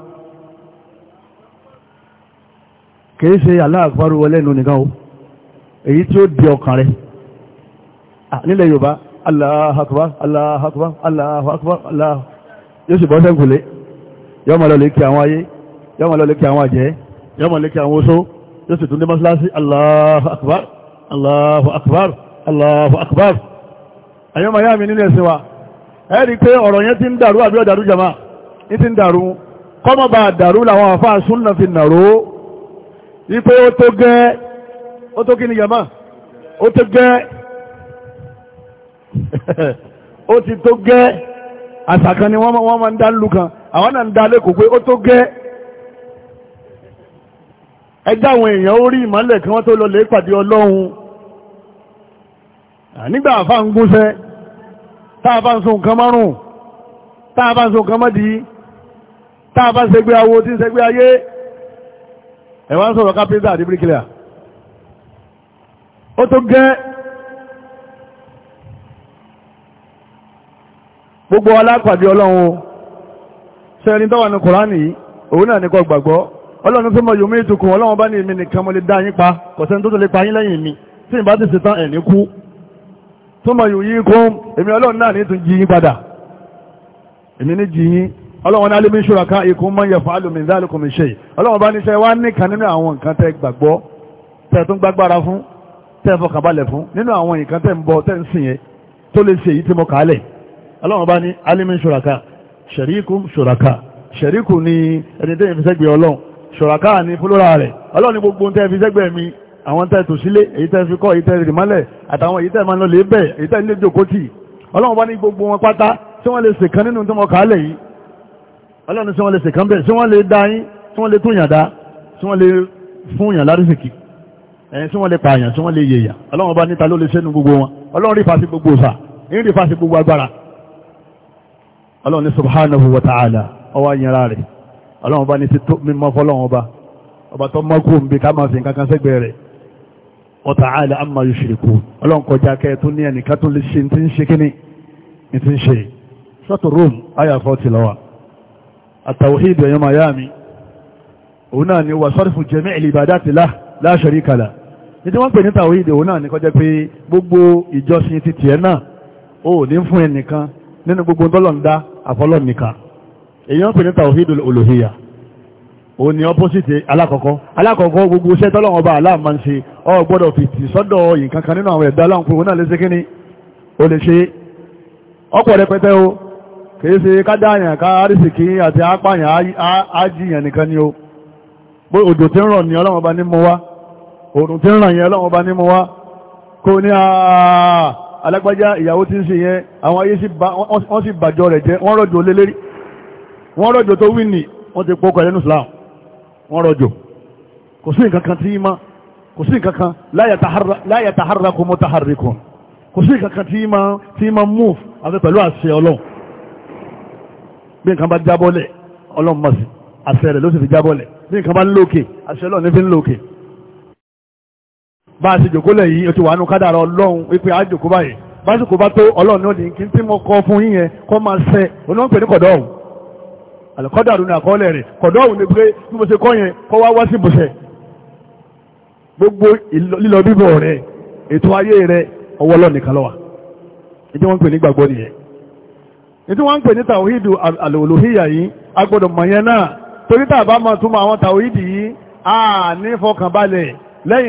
kìí ṣe aláàgbárò wọlé nù nìkan o èyí tí ó di ọkàn rẹ̀ nílẹ̀ yorùbá Allahu akbar Allahu aláhàkùbá yóò sì bọ́ sẹ́kùlé yọ́mọ̀ lọ lè kí àwọn ayé yọ́mọ̀ lọ lè kí àwọn àjẹ́ yọ́mọ̀ lè kí àwọn oṣó yóò sì tún dé mọ́sálásí Allahu akbar Allahu akbar Allahu akbar àyọ́mọ̀ yá mi nílẹ̀ sí wa ẹ rí pé ọ̀rọ̀ yẹn ti ń dàrú àbí ọ̀dàrú jama ní gẹ́ àṣàkan ni wọ́n máa ń dá lù kan àwọn náà ń dá lẹ́kọ̀ọ́ pé ó tó gẹ́ ẹjá àwọn èèyàn ó rí ìmọ́lẹ̀ kí wọ́n tó lọ lè pàdé ọlọ́run nígbà àfá ń gúnṣẹ́ táà bá ń so nǹkan márùn táà bá ń so nǹkan mọ́dí táà bá ń ṣègbé awo tí ń ṣègbé ayé ẹ̀wọ́n sọ̀rọ̀ kápẹ́ńtà àti bíríkìlà ó tó gẹ́ gbogbo alápàdé ọlọ́run sẹ́rin tọ́wà ní kòránì òun náà ní kó gbàgbọ́ ọlọ́run fẹ́ mọ̀ yomi ìtukùn ọlọ́run bá ní èmi nìkan mo lè dá yín pa kọ̀sẹ́ tó tó lè pa yín lẹ́yìn mi tí ìbá ti ṣetán ẹ̀ ní kú tó mọ̀ yòó yín kún èmi ọlọ́run náà ní tún jí yín padà èmi ní jí yín ọlọ́run náà lébi ṣúra ká ikú mọ́ yẹ̀fọ́ alùmíńdá alùkùnmí ṣe ọlọ́run bá níṣẹ́ wá nìkan nínú àwọn nǹkan tẹ́ gbàgbọ́ tẹ́ tún gbágbára fún tẹ́ fọkànbalẹ̀ fún nínú àwọn nǹkan tẹ́ ń bọ tẹ́ ń sìn yẹn tó lè ṣe èyí tí mo kà á lẹ̀ ọlọ́run bá ní alimi ṣuraka ṣẹ̀ríkù ṣuraka ṣẹ̀ríkù ni ẹni tẹ́yìn fi sẹ́gbẹ̀ẹ́ ọlọ́run ṣuraka ni fúlọ́ra rẹ̀ ọlọ́run ni gbogbo tẹ́ fi sẹ́gbẹ̀ẹ́ mi àwọn tẹ́ tò sílé èyí tẹ́ fi kọ́ èyí tẹ́ rì mọ́lẹ̀ àtàwọn èyí tẹ́ máa lọ lè bẹ̀ èyí tẹ́ nílé jòkótì ọlọ́run bá ní gbogbo wọn pátá tí wọ́n lè ṣe kan nínú tí wọ́n kà á lẹ̀ yìí ọlọ́run tí wọ́n lè ṣe kan bẹ̀ tí wọ́n lè dá ọlọ́run ní subhanahu wa ta'ala ọwọ́ àyànra rẹ̀ ọlọ́run bá ní ti tó mímọ́ fọ́lọ́run ọba ọba tó mọ́kù ń bí ká máa fi nǹkan kan sẹ́gbẹ̀ẹ́ rẹ̀ wa ta'ala amma yushrikun ọlọ́run kọjá kẹ́ tó ní ẹnìkan tó lè ṣe ní ti ń ṣe kíní ní ti ń ṣe sọ́tò rom ayà fọ́ ti lọ́wà àtàwọ̀hídì ẹ̀yọ́ miami òun náà ni wà sọ́rìfù jẹ́mí ìlìbàdá ti la sharika la wọ́n pè ní tàwọ̀hídì òun náà ni kọjá pé gbogbo ìjọsìn ti tiẹ̀ náà ó ní fún ẹnìkan nínú gbogbo tọ́lọ̀ ń dá àfọlọ́ nìkan èyàn pè ní tawhidul uluhiyya ó ní opposite alákọ̀ọ́kọ́ alákọ̀ọ́kọ́ gbogbo iṣẹ́ bá aláàmà ń ọ gbọ́dọ̀ sọ́dọ̀ yìí nínú àwọn ẹ̀dá aláǹkúrò náà lè lè ṣe o kìí ṣe àti apáyàn ájìyàn nìkan ni o bó tí ń rọ̀ ọlọ́wọ́n bá ní wá tí ń alágbájá ìyàwó tí ń ṣe yẹn àwọn ayé wọ́n sì bàjọ́ rẹ̀ jẹ́ wọ́n rọ̀jò lélẹ́rí wọ́n rọ̀jò tó wí nì wọ́n ti pọ́kọ̀ ẹlẹ́nu islam wọ́n rọ̀jò kò sí nǹkan kan tí ma kò sí nǹkan kan la yataharraku mutaharrikun kò sí nǹkan kan tí ma tí ma move àti pẹ̀lú àṣẹ ọlọ́run bí nǹkan bá jábọ́lẹ̀ ọlọ́run mọ̀ sí àṣẹ rẹ̀ ló sì fi jábọ́lẹ̀ bí nǹkan bá ń lókè àṣẹ ọlọ́run ní fi ń lókè bá a ṣe jòkó lẹ̀ yìí o ti wà nù kádàrà ọlọ́run wípé a jòkó báyìí básìkò bá tó ọlọ́run náà ní kí n tí kọ fún yín yẹn kọ́ máa ṣẹ oníwọ̀npẹ̀ ní kọ̀dọ̀ ọ̀hún àlùkọ́dàrú ní àkọọ́lẹ̀ rẹ̀ kọ̀dọ̀ ọ̀hún ni pé bí mo ṣe kọ́ yẹn kọ́ wá wá sí gbogbo lílọ bíbọ̀ rẹ̀ ètò ayé rẹ̀ ọwọ́ ọlọ́run nìkan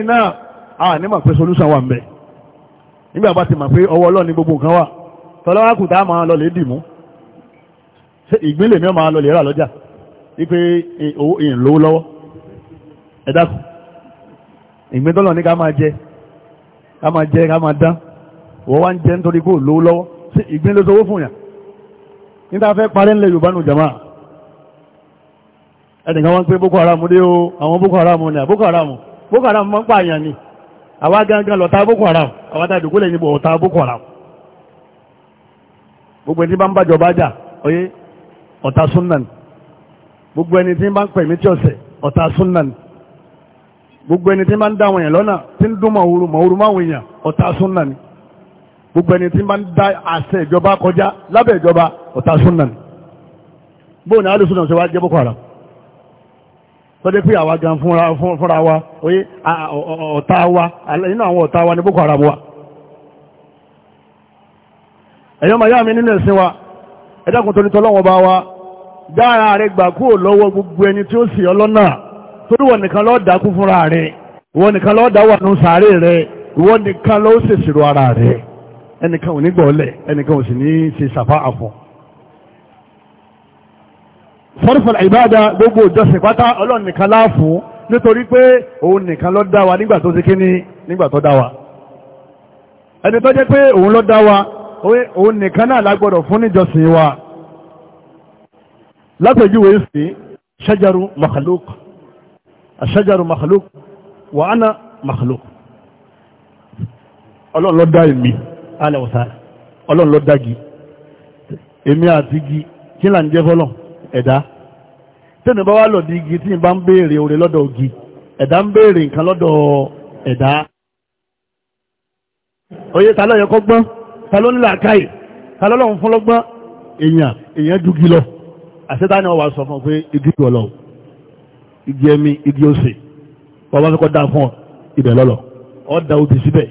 a a ah, ní mọ̀ pé solution wà ń bẹ nígbà bá ti mọ̀ pé ọwọ́ ọlọ́run ní gbogbo nǹkan wà tọ́lọ́wà a máa lọ lè dìmú ìgbínlẹ̀ mi máa lọ lè rà lọ́jà wípé ìyìn lówó lọ́wọ́ ẹ dákun ìgbín tọ́lọ̀ ní ká máa jẹ ká máa jẹ ká máa dán wọ́n wá ń jẹ nítorí kó lówó lọ́wọ́ sí ìgbín ló sọwọ́ fún yàn níta fẹ́ parẹ́ ńlẹ̀ Yorùbá nù jàmáà ẹnìkan wọ́n ń Boko Haram ni Boko Haram Boko Haram máa ń pààyàn ni àwa gangan lọ̀tá Boko Haram àwa tá ìdògó lẹ́yìn bọ̀ ọ̀tá Boko Haram gbogbo ẹni bá ń bàjọba jà oyé ọ̀tá súnnà ni gbogbo ẹni tí bá ń pẹ̀mí tí ọ̀sẹ̀ ọ̀tá súnnà ni gbogbo ẹni tí bá ń dá àwọn èèyàn lọ́nà tí ń dún màwúrú màwúrú máwùn èèyàn ọ̀tá súnnà ni gbogbo ẹni tí bá ń dá àṣẹ ìjọba kọjá lábẹ́ ìjọba ọ̀tá súnnà ni bóun alùsùn náà ṣe wá jẹ́ Boko Haram tọ́jẹ́ pé àwa gan fúnra wa oyé ọ̀tá wa nínú àwọn ọ̀tá wa ní boko haram wa ẹ̀yọ́ màá yá mi nínú ẹ̀sìn wa ẹ̀dàkùn tó ní tọ́lọ́wọ́ bá wa dára rẹ̀ gbà kúrò lọ́wọ́ gbogbo ẹni tí ó sì ọlọ́nà torí wọ́n nìkan lọ́ọ́ dákú fúnra rẹ̀ ìwọ́n nìkan lọ́ọ́ dá wà ní sàárè rẹ̀ sọ́rọ̀fọ̀lá ìbáda gbogbo ìjọsìn pátá ọlọ́run nìkan láàfún nítorí pé òun nìkan ló dá wa nígbà tó ti kí ní nígbà tó dá wa ẹni tó jẹ́ pé òun ló dá wa òun nìkan náà lágbọ́dọ̀ fún níjọsìn wa látẹ̀júwe sí ṣẹ́jàrú makhluk ṣẹ́jàrú makhluk wa ana makhluk ọlọ́run ló dá èmi alẹ́wọ̀sára ọlọ́run ló dá gi èmi àti gi kí là ń jẹ́ fọ́lọ́run ẹ̀dá tẹ́nì bá wá lọ̀dí igi tí n bá ń béèrè oore lọ́dọ̀ ògì ẹ̀dá ń béèrè nǹkan lọ́dọ̀ ẹ̀dá oye ta lọ́yẹ kọ́ gbọ́n ta ló nílà káì ta lọ́lọ́run fún lọ́gbọ́n èèyàn èèyàn dúgi lọ àṣetá ni wọ́n wá sọ fún pé igi ìwọ̀ lọ igi ẹmi igi òsè wọ́n bá fi kọ́ da fún ọ ibẹ̀ lọ́lọ́ ọ da obì síbẹ̀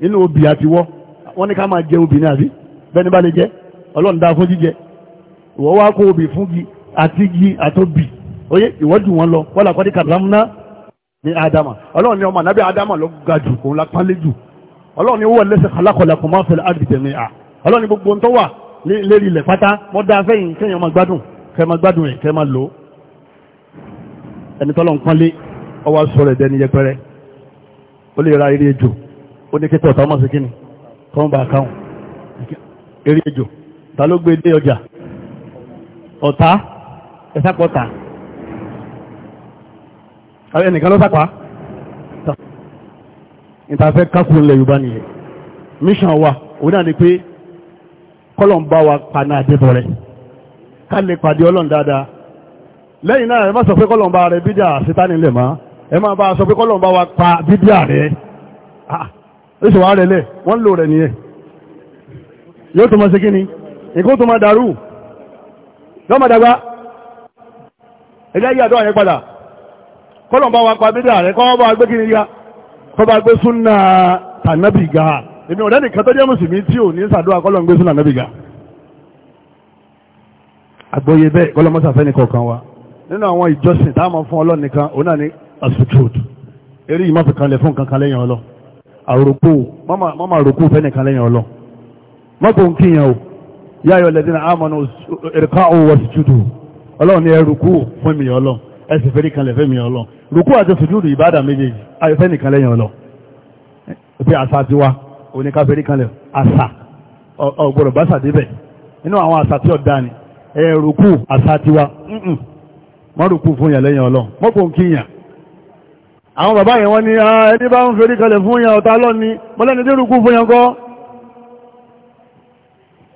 nínú obì àtiwọ́ wọ́n ní ká máa jẹ obì ní àbí bẹ́ẹ̀ ni bá lè jẹ ọlọ́run dá fún jíjẹ ìwọ́ wá kó obì fún gi àti gi àtòbì oyé ìwọ́dù wọn lọ wọ́n làkọ́ kàdámúná ní adama ọlọ́run ni ọmọ ànábì adama ló ga jù òun la pálé jù ọlọ́run ni ó wà lẹ́sẹ̀ alákọ̀ọ́lẹ́kùn máa fẹ́lẹ́ àdìtẹ̀mí à ọlọ́run ni gbogbo ń tó wà lérí ilẹ̀ pátá mọ́ dáa fẹ́yìn kẹ́yìn ọmọ gbádùn kẹ́mọ gbádùn ẹ̀ kẹ́mọ lò ẹni tọ́lọ̀ ń pọ́nlé ọwọ́ sọ̀rọ̀ ẹ̀dẹ́ ní yẹpẹrẹ ó lè ra eré ejò ó ní kíkọ́ ọ̀tá ọmọ sí kíni kọ́ ń eré ejò ta ló gbé dé ọjà ọ̀tá ẹ̀sàpọ̀tà ẹnìkan ló sàpá ìtafẹ́ kákùn ilẹ̀ yorùbá nìyẹn mission wa òun náà ni pé kọ́lọ̀ bá wa paná àdébọ̀ rẹ̀ ká lè pàdé ọlọ́run dáadáa lẹ́yìn náà ẹ má sọ pé kọ́lọ̀ ń bá rẹ bídíà sítánì lè má ẹ má bá sọ pé kọ́lọ̀ bá wa pa bídíà rẹ oṣù wa rẹ̀ ah, lẹ̀ wọ́n lò rẹ̀ nìyẹn yóò tó mọ̀ tó lọ́mọ dàgbà ẹ̀dá yìí àdọ́wà yẹn padà kọ́lọ̀ bá wa pa bídà rẹ̀ kọ́ bá gbé kiri ya kọ́ bá gbé súnà tànàbì ga èmi ọ̀rẹ́ nìkan tó jẹ́ mùsùlùmí tí ò ní sàdúrà kọ́lọ̀ gbé súnà tànàbì ga àgbóyè bẹ́ẹ̀ kọ́lọ̀ mọ́sàfẹ́ nìkan kan wa nínú àwọn ìjọsìn tá a máa fún ọlọ́run nìkan òun náà ní asujud eré yìí má fi kanlẹ̀ fún kankan lẹ́yìn ọlọ́ àròkù mọ́mà àròkù fẹ́ nìkan lẹ́yìn ọlọ́ mọ́kò ń kíyàn o yá ayọ̀ lẹ́dínà àmọ́nà ìrìkà òwò sùjúdù ọlọ́run ní ẹrùkú fún mi ọlọ́ ẹsẹ̀ fẹ́ nìkan lẹ́fẹ́ mi ọlọ́ rùkú àti sùjúdù ìbádà méjèèjì ayọ̀fẹ́ nìkan lẹ́yìn ọlọ́ pé àṣà ti wá oníkàfẹ́ nìkan lẹ́ àṣà ọ̀gbọ̀rọ̀ bá ṣàdébẹ̀ inú àwọn àṣà tí ọ̀dá ni ẹrùkú àṣà ti wá mọ́ rùkú fún yà lẹ́yìn ọlọ́ mọ́pọ̀ ń kíyàn àwọn bàbá yẹn wọ́n ní ah, ẹni bá ń fẹ́rí kalẹ̀ fún yà ọ̀tá lọ́ni mọ́lẹ́ni dé rùkú fún yà kọ́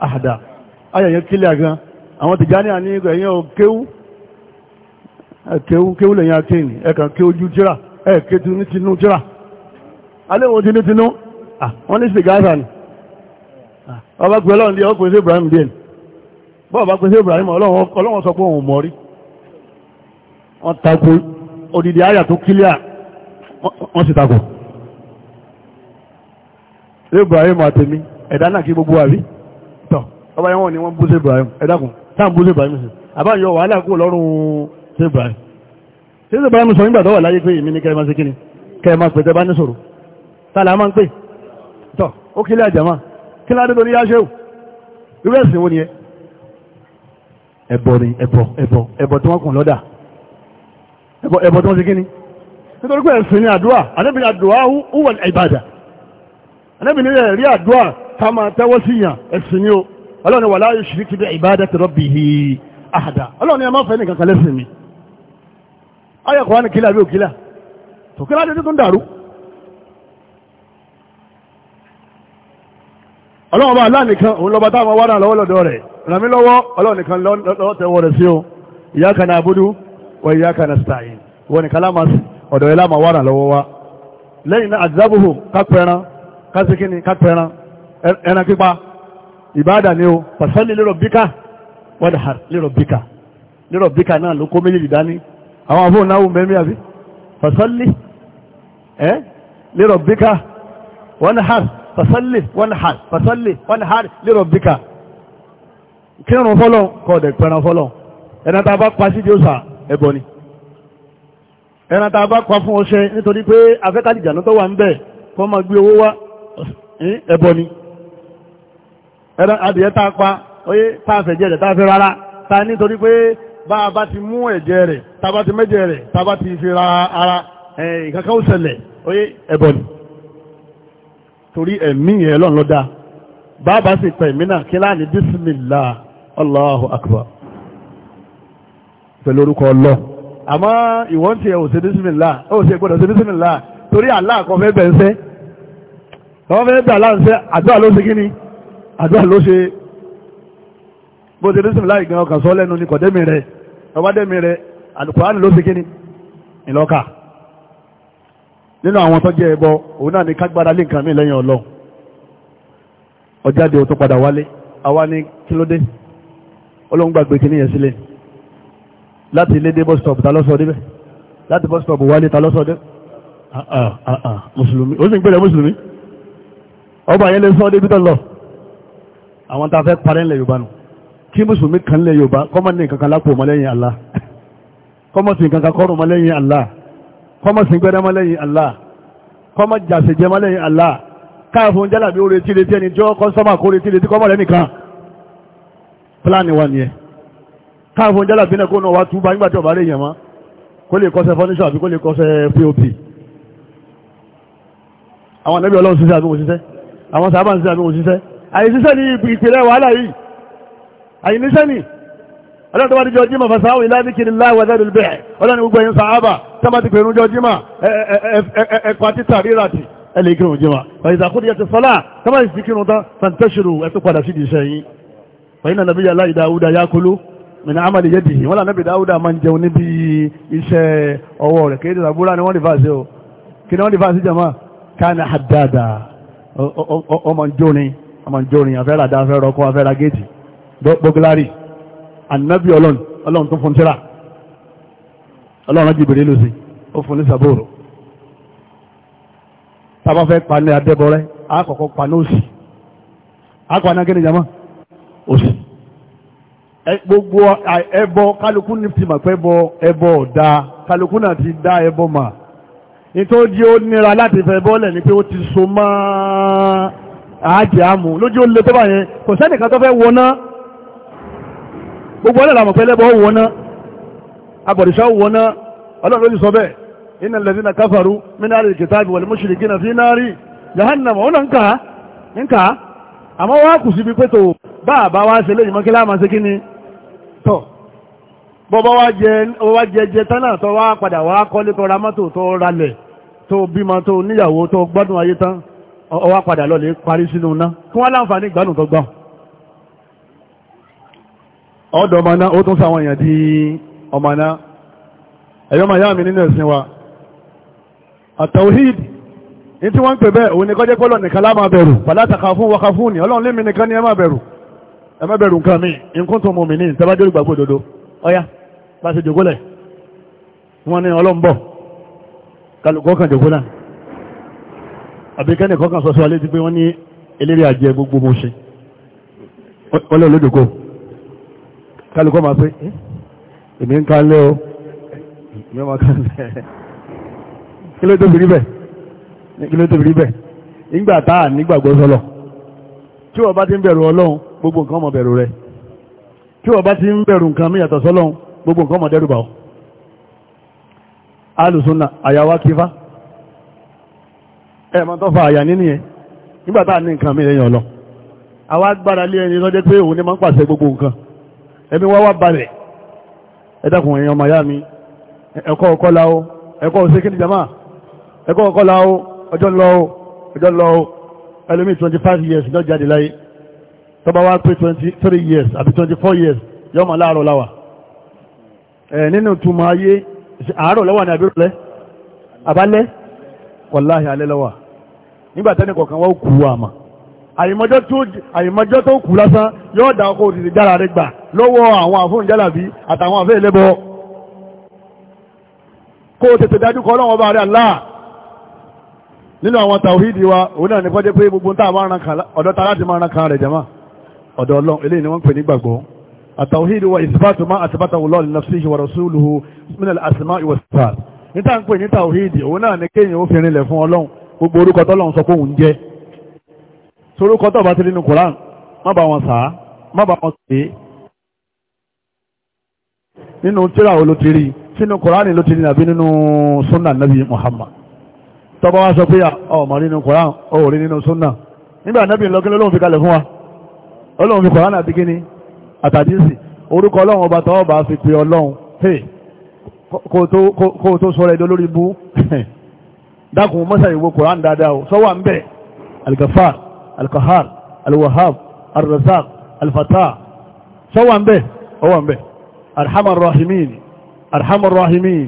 àdá ayẹyẹ kílẹ̀ gan àwọn tìjáni àní ẹ̀yìn kéwú kéwú kéwú lẹ́yìn akéènì ẹ̀kàn kéwú ju jíra ẹ̀kẹ́ tí ní tinú jíra aléwọ̀n ti ní tinú wọ́n ní sí gáàsà ni ọba pẹ̀lú ọlọ́run lé ọkùnrin sí Ibrahim díẹ̀ bọ́ọ̀ bá pẹ̀lú Ibrahim ọlọ́run sọ pé òun mọ̀ rí wọ́n tako odidi àyà tó kílẹ̀ wọ́n sì tako Ibrahim àtẹ̀mí ẹ̀dá náà kí gbogbo àrí ọba yẹn ni wọ́n bú sí Ibrahim ẹ̀dàkùn táà bú sí Ibrahim sí àbáyọ wàhálà kú lọ́rùn sí Ibrahim sí Ibrahim sọ nígbà tó wà láyé pé èmi ní kẹrìmá sí kíni kẹrìmá pẹ̀tẹ́ bá ní sọ̀rọ̀ tààlà máa ń pè tọ́ ó kílẹ̀ àjàmá kílẹ̀ adé torí yáṣẹ́ irú ẹ̀sìn wo ni ẹ ẹbọ ni ẹbọ ẹbọ ẹbọ tí wọ́n ni àdúrà àdébìnrin àdúrà ó wà rí àdúrà ká máa tẹ́wọ́ sí yàn ẹ̀sìn ni ó ọlọ́run wà láyé ṣìrí kí bí ìbádá ti rọ́bì hì àdá ọlọ́run ẹ máa fẹ́ nìkan kalẹ́ sí mi ayọ̀kọ̀ wá ní kílà bí òkílà tó kílà dé tó ń dàrú ọlọ́run bá aláà nìkan òun lọ́ba táwọn wá náà lọ́wọ́ lọ́dọ̀ rẹ̀ ràn mí lọ́wọ́ ọlọ́run kan lẹ́yìn náà àdìsábùhù kápẹ́ran kásíkíní kápẹ́ran ẹran pípa ìbáàdà ni o pàṣẹ́lì lérò bíkà wọ́dà lérò bíkà lérò bíkà náà ló kó méjì dání àwọn àfóò náà wùn mẹ́rin àbí pàṣẹ́lì ẹ́ lérò bíkà wọ́n hà pàṣẹ́lì wọ́n hà pàṣẹ́lì wọ́n hà lérò bíkà kírun fọ́lọ́ kọ́ọ̀dẹ̀ pẹ̀ràn fọ́lọ́ ẹ̀nà tá a bá pa sí jọ́sà ẹ̀bọ ni ẹ̀nà tá a bá pa fún ọṣẹ nítorí pé afẹ́kàdìjà náà tó wà ń bẹ̀ kọ́ máa gbé owó wá ẹ̀bọ ni ẹran adìyẹ tá a pa oyé tá a fẹ̀jẹ̀ rẹ̀ tá a rárá ta nítorí pé bá a bá ti mú ẹ̀jẹ̀ rẹ̀ tá bá ti mẹ́jẹ̀ rẹ̀ tá bá ti fi ra ara ìkankan ó ṣẹlẹ̀ oyé ni torí ẹ̀mí yẹn lọ́n lọ́dá bá a bá sì pẹ̀ mí náà kí láàní bísímìlá Allahu akbar pẹ̀lú orúkọ ọlọ́ àmọ́ ìwọ́n ti ẹ̀ ò ṣe bísímìlá ó ṣe gbọ́dọ̀ ṣe bísímìlá torí àlá àkọ́fẹ́ bẹ̀ ń sẹ́ wọ́n fẹ́ bẹ̀ àlá ń sẹ́ àdúrà àdúrà ló ṣe bó ti rísìn láì gan ọkàn sọ lẹ́nu ni kọ̀dẹ́mì rẹ̀ ọbádẹ́mì rẹ̀ àlùkùránì ló ṣe kíni ìlọ́ka nínú àwọn tó jẹ́ ẹbọ òun náà ni kágbára lé nǹkan mi lẹ́yìn ọlọ́run ọjáde ò tó padà wálé àwa ní kílódé ọlọ́run gbàgbé kíní yẹn sílẹ̀ láti ilé dé bus stop ta lọ́sọ̀ débẹ̀ láti bus stop wálé ta lọ́sọ̀ dé ah, ah, ah, mùsùlùmí ó sì ń gbèrè mùsùlùmí ọba yẹn lè sọ débi tó lọ àwọn tá a fẹ́ parẹ́ ńlẹ̀ yorùbá nù kí mùsùlùmí kan ńlẹ̀ yorùbá kọ́mọ̀ ní kankan lápò mọ́lẹ́yìn Allah kọ́mọ̀ sí kankan kọ́rùn mọ́lẹ́yìn Allah kọ́mọ̀ sí gbẹ́rẹ́ mọ́lẹ́yìn Allah kọ́mọ̀ jàṣẹjẹ mọ́lẹ́yìn Allah káàfún jálàbí ó retí retí ẹni jọ́ kọ́sọ́mà kó retí retí kọ́mọ̀ lẹ́nìkan pílánì wa nìyẹn káàfún jálàbí náà kó náà wá túbá nígbà tí ọ̀bá rẹ̀ yẹn mọ́ kó lè kọ́sẹ́ fọ́níṣọ́ àbí kó lè kọ́sẹ́ pop àwọn ànábì ọlọ́run ṣiṣẹ́ àbí òṣìṣẹ́ àwọn sábà ń ṣiṣẹ́ àbí òṣìṣẹ́ àìsíṣẹ́ ní ìpìlẹ̀ wàhálà yìí àìníṣẹ́ ní ọlọ́run tó bá ti jọ jímọ̀ fasáwọ̀ ilá ní kiri láwọ̀ ẹ̀dẹ́ ìlú bẹ̀rẹ̀ ọlọ́run gbogbo ẹ̀yìn sàábà tó bá ti pẹ̀rún jọ jímọ̀ ẹ̀kọ́ títà rírà tì ẹlẹ́ ìkírun jímọ̀ ọ̀yìnzàkúrú yẹ ti sọ́lá tó bá ti fi kírun tán fantashiru ẹ̀ tó padà sí ìṣẹ́ yìí fẹ̀yìn nàbí yàrá ìdáwúdà yakulu mìnà amàlì yẹ́dì wọ́n là nàbí ìdáwúdà máa ń jẹun níbi iṣẹ́ ọwọ́ rẹ̀ kéde làbúrà ni wọ́n lè fàṣẹ o kí ni wọ́n lè fàṣẹ jama kánà haddada ọmọ jóni a máa ń jórin afẹ́ra dá afẹ́ra ọkọ̀ afẹ́ra géètì bọ́gílárì ànábì ọlọ́run ọlọ́run tó fún tíra ọlọ́run jìbìrì lù sí ó fún ní sàbóòrò tàbá fẹ́ pa ní adẹ́bọrẹ́ àkọ́kọ́ pa ní òsì àkọ́ aná kí ni jama òsì gbogbo ẹbọ kálukú ní ti mà pé ẹbọ ọ̀dà kálukú náà ti dá ẹbọ mà nítorí ó nira láti fẹ́ bọ́ọ̀lẹ̀ ni pé ó ti so máa àájẹ́ àmú lójú ó lè tó bá yẹn kò sẹ́nìkan tó fẹ́ wọná gbogbo ọlọ́lá mọ̀ pẹ́lẹ́bọ̀ wọná abọ̀dìṣà wọná ọlọ́run ló ti sọ bẹ́ẹ̀ iná lẹ́sìn náà káfàrú mínárì kìtàbí wọlé ó náà ń kà wá kù tánà tó wá padà wá kọ́lé tó ra mọ́tò tó ralẹ̀ tó bímọ tó níyàwó tó gbádùn ayé tán ọwá padà lọ lè parí sínú ná kí wọ́n láǹfààní ìgbádùn tó gbọ́n ọdọ̀ ọmọ náà ó tún sáwọn èèyàn di ọmọ náà ẹ̀yọ́ ma yá mi nínú ẹ̀sìn wa àtàwíìd ní tí wọ́n ń pè bẹ́ẹ̀ òun ni kọ́jẹ́ pọ́lọ̀ nìkan lá máa bẹ̀rù pàlátàkà fún waka fún ní ọlọ́run lémi nìkan ní ẹ má bẹ̀rù ẹ bẹ̀rù nǹkan mi nǹkan tó mú mi ní ìtẹ́bájú ìgbàgbọ́ òdodo ọyá bá ṣe jògólẹ̀ wọ́n ní ọlọ́run bọ̀ kálukọ́ kan jògólẹ̀ àbí kẹ́ni kọ́kàn sọ sí wa létí pé wọ́n ní eléré àjẹ gbogbo mo ṣe wọ́n lé olódòkó kálukọ́ máa pé eh, èmi ń kálẹ̀ o èmi máa kálẹ̀ kí ló tóbi rí bẹ́ẹ̀ kí ló tóbi rí bẹ́ẹ̀ nígbà tá à nígbàgbọ́ sọlọ tí wọ́n bá ti ń bẹ̀rù ọlọ́run gbogbo nǹkan mọ̀ bẹ̀rù rẹ̀ tí wọ́n bá ti ń bẹ̀rù nǹkan mí yàtọ̀ sọlọ́run gbogbo nǹkan mọ̀ dẹ́rù bà ọ́ alùsùnà àyàwó akífá ẹ̀mọ́ tó fa àyà nínú yẹn nígbà tá ní nǹkan mìíràn yàn lọ àwa gbára lé ẹni lọ́jẹ́ pé òun ní máa ń pàṣẹ gbogbo nǹkan ẹbí wá wá balẹ̀ ẹ̀dàkùn èèyàn ọmọ ìyá mi ẹ̀kọ́ ọkọ́ la ó ẹ̀kọ́ òsè kíni jama ẹ̀kọ́ ọkọ́ la ó ọjọ́ ńlọ ó ọjọ́ ńlọ ó ẹlòmíì twenty five years náà jáde láyé tọ́ba wá pé twenty three years àbí twenty four years yọ ọmọ láàárọ̀ láwà ẹ̀ nínú túmọ̀ ayé àárọ̀ lọ́wọ́ ni àbí rọ̀lẹ́ àbálẹ́ wàláhì alẹ́lọ́wà nígbàtẹ́ni kọ̀kan wọ́n kú àmà àyìmọ́jọ́ tó kú lásán yóò dá ọkọ̀ òtìtì jára rẹ̀ gbà lọ́wọ́ àwọn àfún jálàbí àtàwọn àfẹ́ ilẹ́bọ kó o tètè dájú kọ́ lọ́wọ́ bá rẹ̀ Allah nínú àwọn tàwídì wa òun náà ní kọ́jẹ́ pé gbogbo tá ọ̀dọ́ ta láti máa ran kan rẹ̀ jama ọ̀dọ̀ Ọlọ́run eléyìí ni wọ́n níta ń pè ní tàwíìdì òun náà ní kéèyàn ó fi rinlẹ̀ fún ọlọ́run gbogbo orúkọ tọ́lọ́run sọ pé òun jẹ́ tó bá ti rí koran má bá wọn sàá má bá wọn sèé nínú tíra wo ló ti rí sínú koran ló ti rí sunna nabi muhammad tọ́ba wa sọ pé ọmọ rí nínú koran ó rí nínú sunna nígbà nabi lọ́kẹ́lẹ́ lóun fi kalẹ̀ fún wa fi koran àti kíni àtàdísì orúkọ ọlọ́run ọba tọ́wọ́ kó tó sọ́rọ̀ ẹ̀dọ́ lórí bú dákùn mọ́sà ìwò koran dáadáa o sọ́wà ń bẹ̀ alkafar alkahar alwahab alrazak alfata sọ́wà ń bẹ̀ ọwà ń bẹ̀ arhamar rahimin arhamar rahimin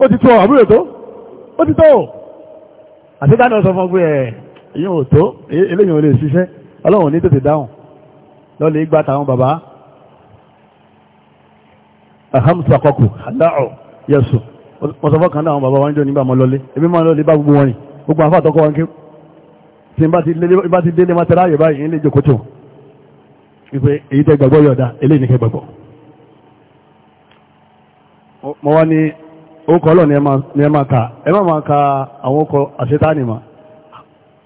ó ti tó àbúrò tó ó ti tó àti dáná sọ fún pé ẹ̀ èyí ò tó eléyìn ò lè ṣiṣẹ́ ọlọ́run ní tètè dáhùn lọ́lẹ̀ ìgbà táwọn bàbá ahamsakọkù aláọ̀ yẹ̀sù ọ̀sọ̀fọ́ kan náà àwọn bàbá wọn jọ nígbà mọ́ lọlé ebi máa lọlé bá gbogbo wọn ni gbogbo àfà àtọ́kọ́ wọn kí tí bá ti délé máa tẹ́lá àyẹ̀bá yìí lè jòkó tó ìpè èyí tẹ́ gbàgbọ́ yọ̀dá eléyìí nìkẹ́ gbàgbọ́ mo wá ní orúkọ ọlọ́ ni ẹ máa ka ẹ máa máa ka àwọn orúkọ àṣetáni mà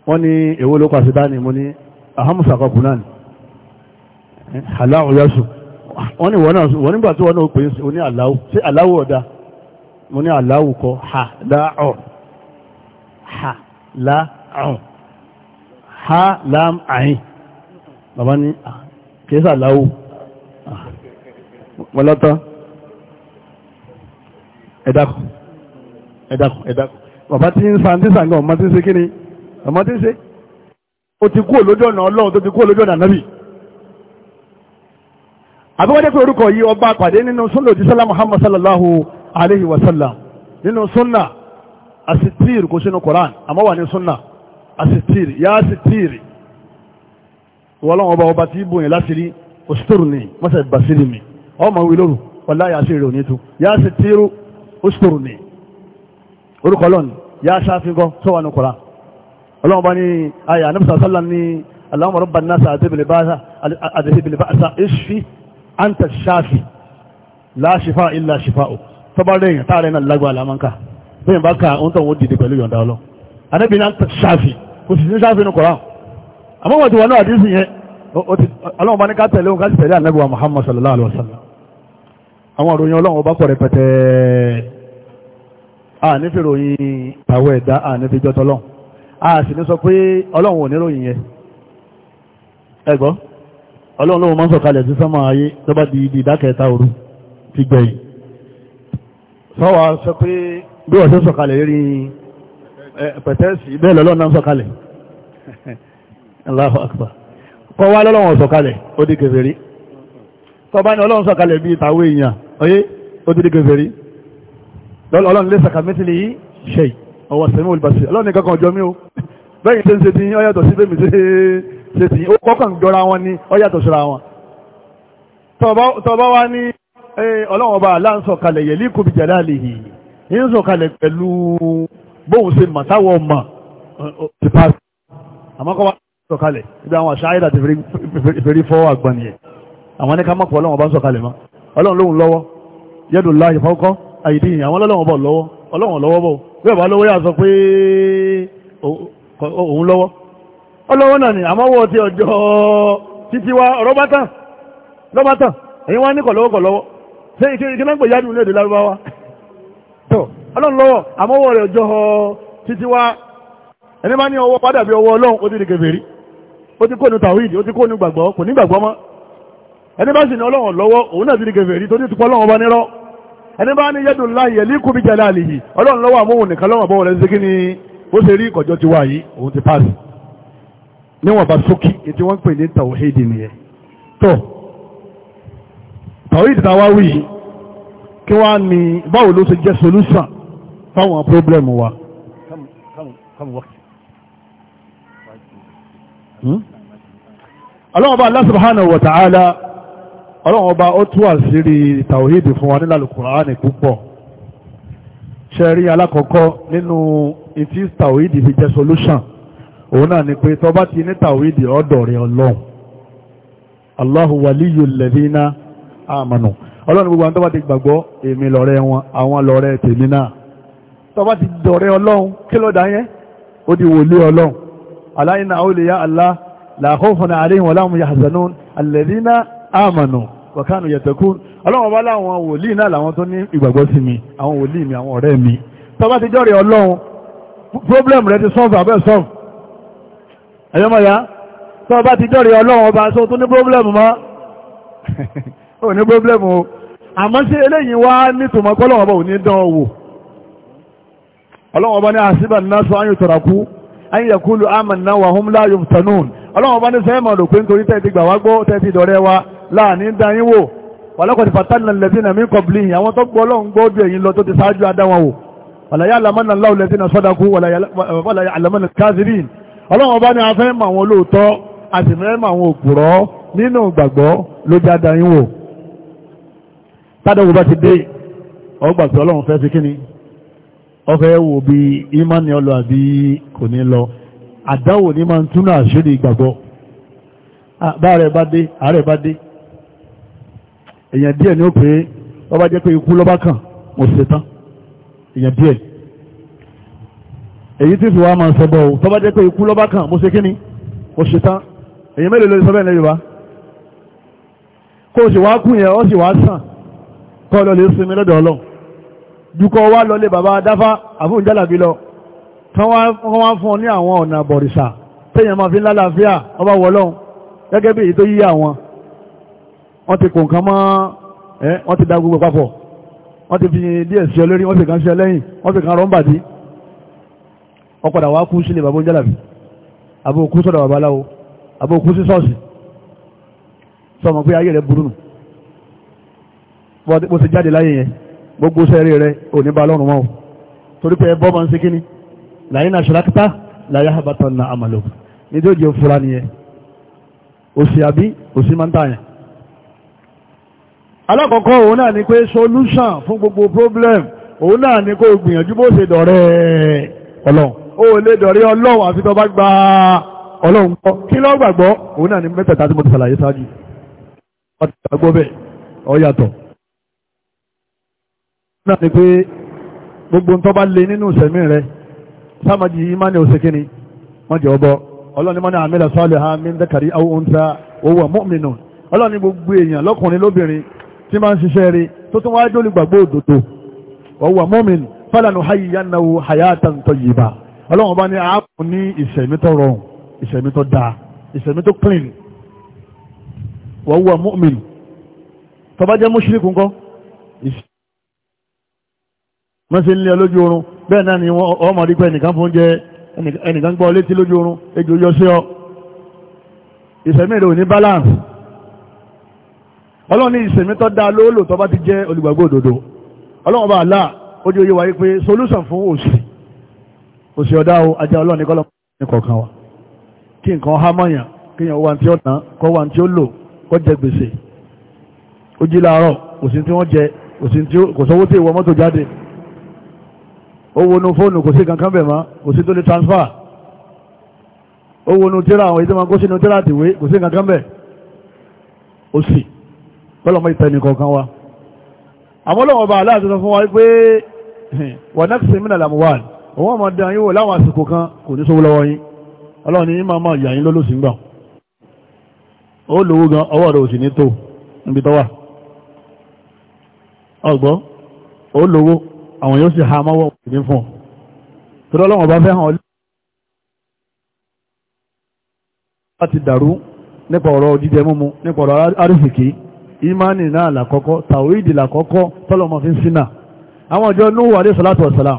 wọ́n ní èwo ló kọ àṣetáni mo ní ahamusa kọkù náà ni aláwọ̀ yẹ̀sù wọ́n ní wọ́n nígbà tí wọ́n náà pè é sí oní aláwọ̀ sí aláwọ̀ ọ̀dà mo ní aláwù kọ ha láàrùn ha láàrùn ha láàm àyìn bàbá ní kìíṣà aláwù wọ́n lọ́tọ́ ẹ̀dàkùn ẹ̀dàkùn ẹ̀dàkùn bàbá tí ń sa ní sàngàn ọmọ tí ń ṣe kí ni ọmọ tí ń ṣe o ti kú olójú ọ̀nà ọlọ́run tó ti kú olójú ọ̀nà nábì àbí pé orúkọ yìí ọba pàdé nínú sunnah òjíṣẹ́ Muhammad sallallahu alayhi wa sallam nínú sunna asitir kò sínú Quran àmọ́ wà ní sunna asitir yá asitir wọ́lọ́wọ́ ọba ọba tí bòyìn láti rí osturu ni mọ́sẹ̀ basiri mi ọmọ wí lóru wọlá yà sí èrò nítú yá asitiru osturu ni orúkọ lọ́nà yá aṣáfíkọ́ tó wà ní Quran ọlọ́wọ́ bá ní ayà anabisa sallam ní اللهم رب الناس أذهب البأس اشفي أنت الشافي لا شفاء إلا شفاؤك tọ́ba rẹ̀yìn táàrẹ̀ náà lágbà àlàmọ́ǹkà bẹ́ẹ̀ bá ka ohun tó ń dìde pẹ̀lú yọ̀ǹda ọlọ́ anábì náà ṣáfì kò sì sí ṣáfì ní koran àmọ́ wọ́n ti wọ́n náà àdínsì yẹn ọlọ́run bá ní ká tẹ̀lé òun ká sì tẹ̀lé ànábì Muhammad sallallahu alaihi wasallam àwọn ìròyìn ọlọ́run ọba kọ̀ rẹpẹtẹ a ní fi ròyìn àwọn ẹ̀dá a ní fi jọtọ lọ́n a sì ní sọ pé ọlọ́run ò ní ròyìn yẹn ẹgbọ́ ọlọ́run lóun máa ń sọ̀kalẹ̀ sí sánmà ayé tó bá di ìdákẹ́ta òru sọ́wọ́ sọ pé bí wọ́n tó sọ̀kalẹ̀ rí pẹ̀tẹ́sì bẹ́ẹ̀ lọ́lọ́ sọ̀kalẹ̀ Allahu Akbar kọ́ wá lọ́lọ́wọ́ sọ̀kalẹ̀ ó di kèfèrí tọ́ bá ní ọlọ́run sọ̀kalẹ̀ bí ìtàwé èèyàn oyé ó di kèfèrí ọlọ́run lè sàkà mẹ́tìlì yìí ṣe ọwọ́ sẹ́mi olùbàṣẹ ọlọ́run nìkan kan jọ mí o bẹ́ẹ̀ ṣe ń ṣe ti ó yàtọ̀ ọlọ́wọ́n bá aláǹsọ̀ kalẹ̀ yẹ̀lí kò bí jẹ̀dá lè hì ń sọ̀ kalẹ̀ pẹ̀lú bóun ṣe mọ̀ táwọn ọmọ ti pa àmọ́ kọ́ wá sọ̀ kalẹ̀ ibi àwọn àṣà ayédà ti fẹ́rí fọ́ àgbọ̀n yẹn àwọn ní ká mọ̀ pọ̀ ọlọ́wọ́n bá sọ̀ kalẹ̀ mọ́ ọlọ́run lóhun lọ́wọ́ yẹ́dù láyé fọ́kọ́ àyèdè àwọn ọlọ́wọ́n lọ́wọ́ ọlọ́wọ́ ni àmọ́wọ́ ti ọjọ́ títí wa ọ̀rọ̀ bá tàn lọ́bátàn èyí ṣe ìṣe náà pè yádùn lédè lárúbáwá tó ọlọ́run lọ́wọ́ àmọ́wọ́ rẹ̀ jọ títí wá ẹni máa ní ọwọ́ padà bí ọwọ́ ọlọ́run ó ti di kèfèrí ó ti kó nu tàwíìdì ó ti kó nu gbàgbọ́ kò ní gbàgbọ́ mọ́ ẹni bá sì ní ọlọ́run lọ́wọ́ òun náà ti di kèfèrí tó ní ti pọ́ ọlọ́run bá nírọ́ ẹni bá ní yẹ́dùn láàyè líkù bí jẹ́lá àlè yìí ọlọ́run lọ́wọ́ àmóhùn nìkan lọ́wọ́ àbọ̀wọ̀ rẹ̀ ṣe kí ni ó ṣe rí ìkọ̀jọ́ ti wá yìí òun ti pàṣẹ níwọ̀n bá sókí ètí wọ́n ń pè ní tàwíìdì nìyẹn tó tàwí ìdìta wá wí kí wá ní báwo ló ṣe jẹ́ solution fáwọn problem wa. Hmm? ọlọ́wọ́n bá Allah subhanahu wa ta'ala ọlọ́wọ́n bá ó tú àṣírí tàwíìdì fún wa nílàlù Kùránì púpọ̀ ṣẹ́rí alákọ̀ọ́kọ́ nínú ìtí tàwíìdì fi jẹ́ solution òun náà ni pé tọba ti ní tàwíìdì ọ̀dọ̀ rẹ̀ ọlọ́run Allahu waliyul ladhina àmànù ọlọ́run gbogbo àwọn tó bá ti gbàgbọ́ èmi lọ́rẹ́ wọn àwọn lọ́rẹ́ tèmi náà tó bá ti dọ̀rẹ́ ọlọ́run kí ló dá yẹn ó di wòlé ọlọ́run aláìna awliya Allah la khawfun alayhim wa la hum yahzanun alladhina amanu wa kanu yattaqun ọlọ́run bá láwọn wòlíì náà làwọn tó ní ìgbàgbọ́ sí mi àwọn wòlíì mi àwọn ọ̀rẹ́ mi tó bá ti jọ́rẹ̀ ọlọ́run problem rẹ ti solve abẹ́ solve ẹ̀yọ́mọ̀ tó bá ti jọ́rẹ̀ ọlọ́run ọba sọ tó ní problem mọ́ ò ní pọ́blẹ́mù o àmọ́ sí eléyìn wá nítumọ̀ kọ́lọ́wọ́n bá ò ní dán owó ọlọ́wọ́n bá ní àṣìbà náà sọ ayò tọ̀ràkú ayò yẹ̀kúlù àmàna ní sẹ́mọ̀ lò pé nítorí tẹ́ẹ̀tì gbà wá gbọ́ tẹ́ẹ̀tì dọ̀rẹ́ wa láàní dáyín wò wàlọ́kọ̀tì fatanna lẹ́sìn àmì kọ̀bìlì àwọn tó gbọ́ ọlọ́run gbọ́ ju èyí lọ tó ti ṣáájú adáwọn wò wàlàyé àlàmánà láwù lẹ́sìn sọ́dakú wàlàyé àlàmánà kazirin ọlọ́wọ́n bá ní afẹ́ mọ̀ àwọn olóòótọ́ àti mẹ́mọ̀ àwọn òpùrọ́ nínú ìgbàgbọ́ ló já dáyín tádọ́wò bá ti dé ọgbà pé ọlọ́run fẹ́ sí kíni ọfẹ́ wò bí ìmánì ọlọ àbí kò ní lọ àdáwò ní máa ń túnú àṣírí ìgbàgbọ́ báàrẹ̀ bá dé àárẹ̀ bá dé èèyàn díẹ̀ ní ó pé wọ́n bá jẹ́ pé ikú lọ́bá kàn mo ṣe tán èèyàn díẹ̀ èyí tí ìfìwà sọ bọ́ ọ tó bá jẹ́ pé ikú lọ́bá kàn mo ṣe kíni mo ṣe tán èèyàn mélòó lórí sọ bẹ́ẹ̀ ní Yorùbá kó o sì wá kú yẹn ó sì wá sàn kọ́ lọ lè sinmi lọ́dọ̀ ọlọ́run dúkọ́ wá lọlé bàbá dáfá àfúnjálàbí lọ tán wá fún ní àwọn ọ̀nà bọ̀rìṣà tẹ́yàn máa fi lálàáfíà ọba wọlọ́run gẹ́gẹ́ bí èyí tó yí àwọn wọ́n ti kò nǹkan mọ́ ẹ́ wọ́n ti da gbogbo papọ̀ wọ́n ti fi díẹ̀ sí olórí wọ́n ti kàn sí ẹlẹ́yìn wọ́n ti kàn rọ́mbàdí wọ́n padà wá kú sílé bàbá jálàbí àbò kú babaláwo àbò sí ṣọ́ọ̀ṣì sọmọ pé ayé rẹ̀ burú nù bó ṣe jáde láyé yẹn gbogbo sẹ́rí rẹ òní bá lọ́rùn wọn o torí pé ẹbọ́ máa ń ṣe kíní láyé náà ṣàlákítà láyé àbátọ̀ náà àmàlò ní tó jẹ́ fura nìyẹn òsì àbí òsì máa ń tààyàn. alákọ̀ọ́kọ́ òun náà ni pé solution fún gbogbo problem òun náà ni kó gbìyànjú bó ṣe dọ̀rẹ́ ọlọ́run ó lè dọ̀rẹ́ ọlọ́run àfi tó bá gba ọlọ́run gbọ́ kí ló gbàgbọ́ òun náà ni mẹ́tẹ̀ẹ̀ta tí mo ti ṣàlàyé ṣáájú ọ̀tọ̀ náà ni pé gbogbo ń tọ́ba lé nínú ìsẹ̀mí rẹ sáàmàjì ìmánì òsèkínni wọ́n jẹ́ ọbọ ọlọ́ni mọ́ni àmìlẹ̀ sọ́ọ̀lẹ̀ ha mi ń dẹ́kàrí àwọn ohun ta owó mọ́mìnà ọlọ́ni gbogbo èèyàn lọ́kùnrin lóbìnrin tí máa ń ṣiṣẹ́ rí tó tún wájú olùgbàgbọ́ òdòdó owó mọ́mìn fàlànà hayyanáwó hayatan tayyiba ọlọ́run bá ní clean owó mọ́mìn tó bá jẹ́ wọ́n sì ń lé lójú oorun bẹ́ẹ̀ náà ni wọ́n mọ̀ dípẹ́ ẹnìkan fún jẹ́ ẹnìkan gbọ́ létí lójú oorun ejò yọ sí ọ ìsẹ̀mí ò ní balance ọlọ́run ní ìsẹ̀mí tó dáa lóòlò tó bá ti jẹ́ olùgbàgbọ́ òdodo ọlọ́run bá là ó oyé wa pé solution fún òsì òsì ọ̀dá o ajá ọlọ́run ní kọ́lọ́ ní kọ̀ọ̀kan wa kí nǹkan há mọ̀yàn kí èèyàn wà tí ó tán kọ́ wà tí ó lò kọ́ jẹ gbèsè ó láàárọ̀ òsì tí wọ́n jẹ òsì tí kò sówó tí ìwọ mọ́tò jáde owó nu fóònù kò sí kankan bẹ̀ mọ́ kò sí tó lè transfer owó nu tíra àwọn ìdíwọ̀n kó sínú tíra àtìwé kò sí kankan bẹ̀ ó sì kọ́lọ̀mọ́ ìtẹ̀ni kọ̀ọ̀kan wa àwọn ọlọ́wọ́ bá aláàtọ́ sọ fún wa pé wà náàkìsí mìnà làmúwà òun ọmọ dán yíwò láwọn àsìkò kan kò ní sówó lọ́wọ́ yín ọlọ́run ní máa máa yàyín lólòsì ń gbà ó lówó gan ọwọ́ rẹ̀ òsì ní tó níbi tọ́wà ọgbọ́n ó lówó àwọn yóò sì ha mọ́wọ́ òní fún tó lọ́lọ́wọ́ bá fẹ́ hàn ọlọ́ láti dàrú nípa ọ̀rọ̀ jíjẹ múmu nípa ọ̀rọ̀ arísìkí ìmánì náà làkọ́kọ́ tàwídì làkọ́kọ́ tọ́lọ́mọ fi ń sínà àwọn ọjọ́ núwà alẹ́ sọ́látù ọ̀sàlám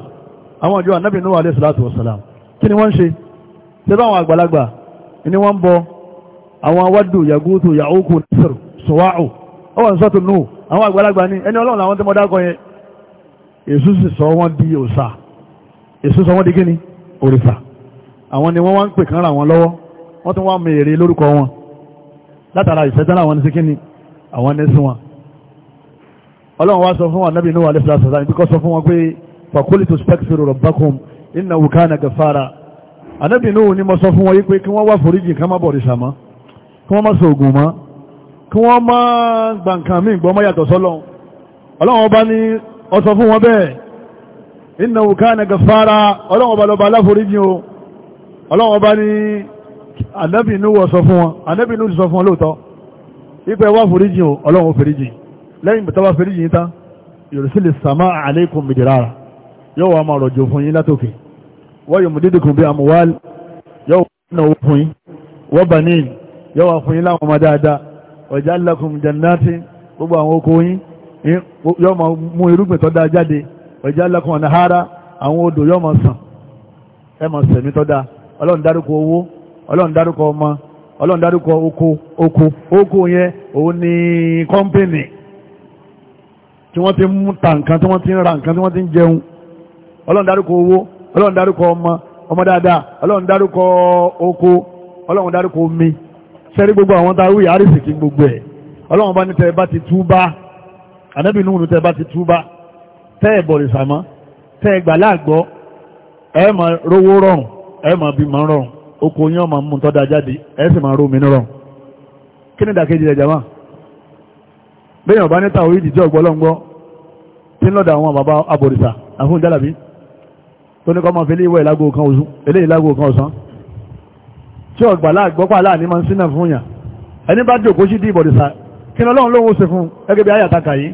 àwọn ọjọ́ anábì núwà alẹ́ sọ́látù ọ̀sàlám kí ni wọ́n ń ṣe ṣe bá àwọn ni wọ́n ń bọ àwọn awádùn yàgútù èṣù sì sọ wọ́n di òòṣà èṣù sọ wọ́n di kíni òrìṣà àwọn ni wọ́n wá ń pè kán ra wọn lọ́wọ́ wọ́n tún wá mọ èrè lórúkọ wọn látara ìṣẹ́tàn àwọn ní sí kíni àwọn ní sí wọn ọlọ́run wá sọ fún wọn nábì níwà alẹ́sà sọ̀tà ibi kọ́ sọ fún wọn pé fàkúlì tó spẹ́kìsìrò rabbakum innahu kana gàfàrà anábì níwò ní mo sọ fún wọn yí pé kí wọ́n wá foríjì ká má bọ̀rìṣà mọ́ kí wọ́n má sọ ògùn mọ́ kí wọ́n má gbàǹkan mí gbọ́ mọ́ yàtọ̀ sọ́lọ́run ọlọ́run ọba ní ó sọ fún wọn bẹ́ẹ̀ innahu kana gafara ọlọ́wọ́ba lọ́ba aláforíjì o ọlọ́wọ́ba ní anábìnú wọ sọ fún wọn anábìnú ti sọ fún wọn lóòótọ́ ipẹ́ wá foríjì o ọlọ́wọ́ foríjì lẹ́yìn tọ́wọ́ foríjì yìí tán yursilis samaa alaykum midrara yóò wá máa rọ̀jò fún yín látòkè wa yumdidukum bi amwal yóò wá fún yín wa banin yóò wá fún yín láwọn ọmọ dáadáa wa ja'alakum jannatin gbogbo àwọn oko yín yọ́ ma mú irúgbìn tó jáde ọjá lẹ́kùn ọ̀nà àwọn odò yọ́ ma sàn ẹ ma sẹ̀mí tó ọlọ́run dárúkọ owó ọlọ́run dárúkọ ọmọ ọlọ́run dárúkọ oko oko oko yẹn òun ni kọ́mpìnì tí wọ́n ti ń ta nǹkan tí wọ́n ti ra nǹkan tí wọ́n ti ń jẹun ọlọ́run dárúkọ owó ọmọ ọmọ dáadáa ọlọ́run oko ọlọ́run dárúkọ omi sẹ́rí gbogbo àwọn tá a wúyà gbogbo ẹ̀ ọlọ́run ànábì Nuhu tẹ́ bá ti túbá tẹ́ ẹ̀ bọ̀rìṣà mọ́ tẹ́ ẹ̀ gbà láàgbọ́ ẹ máa rówó rọrùn ẹ máa bí máa rọrùn oko yín ọmọ mú tọ́da jáde ẹ sì máa rómi ní rọrùn kí ni ìdàkejì rẹ̀ jàmá bẹ́ẹ̀ ọ̀bá níta orí ìdíjọ́ ọ̀gbọ́lọ́ngbọ́ tí ń lọ́dọ̀ àwọn bàbá abòrìṣà àfún jálàbí tó ní kọ́ máa ìwọ̀ ìlágbó kan oṣù ilé ìlágbó kan ọ̀sán tí ọ̀gbà láàgbọ́pà láàní máa ń sínà fún yàn ẹni bá dòkó sí di ìbọ̀rìṣà kí ni ọlọ́run lóhun ó ṣe fún gẹ́gẹ́ bí ayàtàkà yìí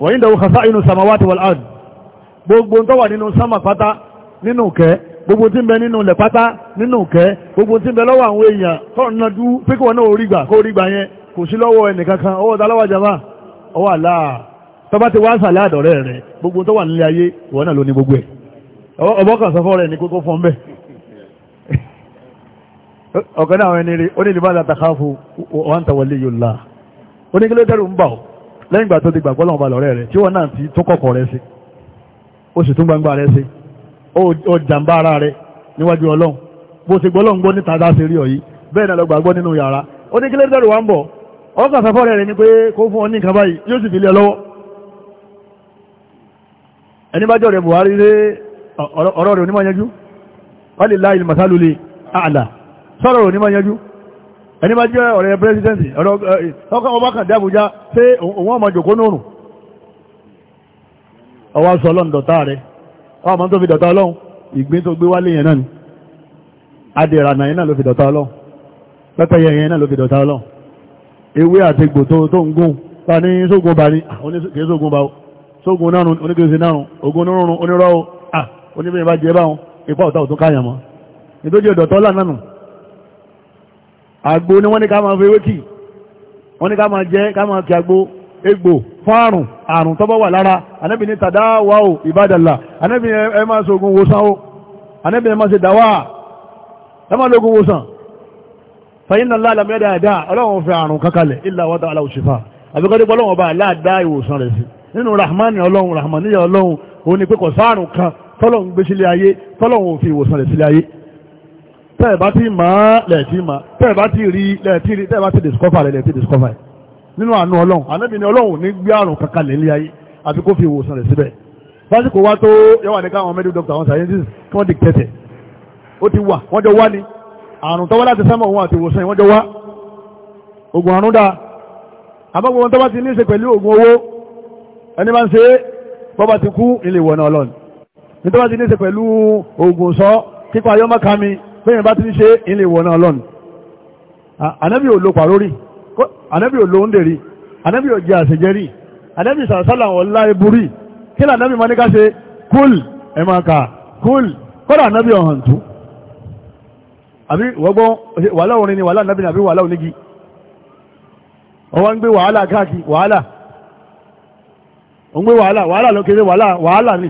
wọ̀nyí dẹ̀wò kàfà inú samawati wal ard gbogbo tó wà nínú sámà pátá nínú kẹ gbogbo tí ń bẹ nínú ilẹ̀ pátá nínú kẹ gbogbo tí ń bẹ lọ́wọ́ àwọn èèyàn tó ń nájú náà kó yẹn kò sí lọ́wọ́ ẹnìkankan ọwọ́ jama ọwọ́ àlá tọba ti wá ń sàlẹ̀ àdọ̀rẹ́ rẹ gbogbo tó wà nílé ayé ìwọ gbogbo ẹ̀ ẹni rí lẹ́yìn ìgbà tó ti gbàgbọ́ lọ́wọ́ ba lọ́rẹ́ rẹ̀ tí wọ́n náà ti tún kọ̀kọ̀ rẹ̀ sí ó sì tún gbangba rẹ̀ sí ó jàǹbá ara rẹ̀ níwájú ọlọ́run bó ti gbọ́lọ́run gbọ́ níta dá sí rí ọ yìí bẹ́ẹ̀ náà lọ gbàgbọ́ nínú yàrá ó ní kílẹ̀ dẹ́rù wa ń bọ̀ ọkọ̀ àfẹ́fọ́ rẹ̀ ni pé kó fún ọ ní nǹkan báyìí yóò sì fi lé ọ lọ́wọ́ ẹni bá jọ̀rẹ̀ Buhari lé ọ̀rọ̀ rẹ̀ onímọ̀ yanjú wálé láì màsálùlé àlà sọ̀rọ̀ onímọ̀ yanjú ẹni bá jẹ́ ọ̀rẹ́ pírẹsidẹ́ntì ọ̀rọ̀ ọba kan dábùjá pé òun ọmọ jòkó nórùn ọwá sọ ọlọ́run dọ̀tá rẹ̀ ọmọ tó fi dọ̀tá ọlọ́run ìgbín tó gbé wálé yẹn náà ni adìrà náà yẹn náà ló fi dọ̀tá ọlọ́run pẹ́pẹ́yẹ yẹn náà ló fi dọ̀tá ọlọ́run ewé àti gbò tó ń gún ta ní sógun bá ah, ní kìí sógun bá sógun náà oníkèsè náà ogun onírọ̀rùn onírọ̀ ah, oníbẹ̀yìn bá jẹ báwọn ipa ọ̀tá ọ̀tún àgbo ni wọ́n ní ká máa fi wékì wọ́n ní ká máa jẹ́ ká máa fi àgbo egbò fún àrùn àrùn tọ́bọ̀ wà lára anábì ní tàdáwà o ìbádàlà anábì ẹ máa ṣoògùn wòsàn o anábì ẹ máa ṣe dàwà ẹ máa lóògùn wòsàn fàyín náà láàlá mẹ́rin dáadáa ọlọ́run fi àrùn kankalẹ̀ ilà wọ́ta aláwòṣìfà àbíkọ́dé pọ́lọ́wọ́n bá aláàdá ìwòsàn rẹ̀ sí nínú rahman ọlọ́run rahmaniya ọlọ́run òun ni pé kò sáàrùn kan tọ́lọ́run gbé sílé ayé tọ́lọ́run ò fi ìwòsàn rẹ̀ sílé ayé tẹ́ẹ̀bá ti mọ̀ lẹ́ẹ̀tí mọ̀ tẹ́ẹ̀bá ti rí lẹ́ẹ̀tí rí tẹ́ẹ̀bá ti discover lẹ́ẹ̀tí discover ẹ̀ nínú àánú ọlọ́run ànábì ni ọlọ́run ní gbé àrùn kankan lè lé ayé àti kó fi ìwòsàn rẹ̀ síbẹ̀ lásìkò wá tó yẹwà ní káwọn medical doctor àwọn scientists kí wọ́n dictate ó ti wà wọ́n jọ wá ni àrùn tọ́wọ́ láti sámọ̀ òun àti ìwòsàn wọ́n jọ wá oògùn àrùn dáa àbọ̀gbọ̀ wọn tọ́wọ́ ti ní í ṣe pẹ̀lú oògùn owó ẹni máa ń ṣe bọ́bá ti kú ilé ìwọ̀nà ọlọ́run ní tọ́wọ́ ti ní í ṣe pẹ̀lú oògùn sọ kíkọ ayọ́mọ́kami bẹ́ẹ̀ bá ti ń ṣe ilé ìwọ̀n náà lọ́nà ànábì ò lo pàrórí ànábì ò lo oúnjẹ rí ànábì ò jẹ àṣẹjẹ rí ànábì sàṣálà ọ̀la eburú kí lànà bí maníká ṣe kúl ẹ̀ máa kà kúl kọ́dà ànábì ọ̀hàn tó àbí wọ́gbọ́n wàhálà orin ni wàhálà ànábì àbí wàhálà onígi ọwọ́ ń gbé wàhálà káàkiri wàhálà ń gbé wàhálà wàhálà lókèrè wàhálà wàhálà ni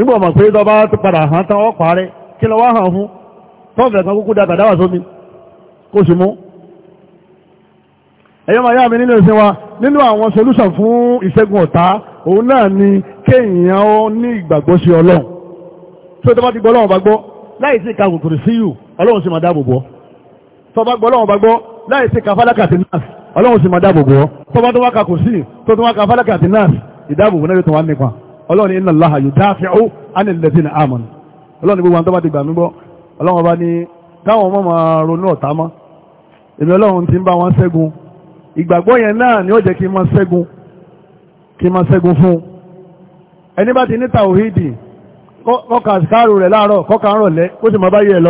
nígbà ọmọ pé tọ́ bá padà hàn tán ọ̀pá rẹ̀ kí lọ wá hàn fún tọ́ọ̀fẹ̀ kan kúkú dáta dáwà sómi kó sì mú ẹ̀yọ́ màá yá mi nínú ìsìn wa nínú àwọn solúsàn fún ìṣẹ́gun ọ̀tá òun náà ni kéèyàn ó ní ìgbàgbọ́ sí ọlọ́run tó tó bá ti gbọ́ ọlọ́run bá gbọ́ láì sí ìka kòkòrò sí yù ọlọ́run sì máa dáàbò bọ́ tó bá gbọ́ ọlọ́run bá gbọ́ láì sí ìka fálákà àti nurse ọlọ́run sì máa dáàbò bọ́ tó bá tó wá ka kò sí tó tó wá ka fálákà àti nurse ìdáàbò bọ́ náà yóò tó wá nípa ọlọ́run inna Allaha yudafi'u anil a amanu ọlọ́run gbogbo àwọn tó bá ti gbà mí gbọ́ ọlọ́run bá ní káwọn ọmọ ma ronú ọ̀tá mọ́ Ebe ọlọ́run ti ń bá wọn ṣẹ́gun ìgbàgbọ́ yẹn náà ni ó jẹ́ kí n máa kí n máa fún un ẹni bá ti ní tàwíìdì kọ́ka káàrù rẹ̀ láàárọ̀ kọ́ka ń rọ̀lẹ́ ó sì máa bá yẹ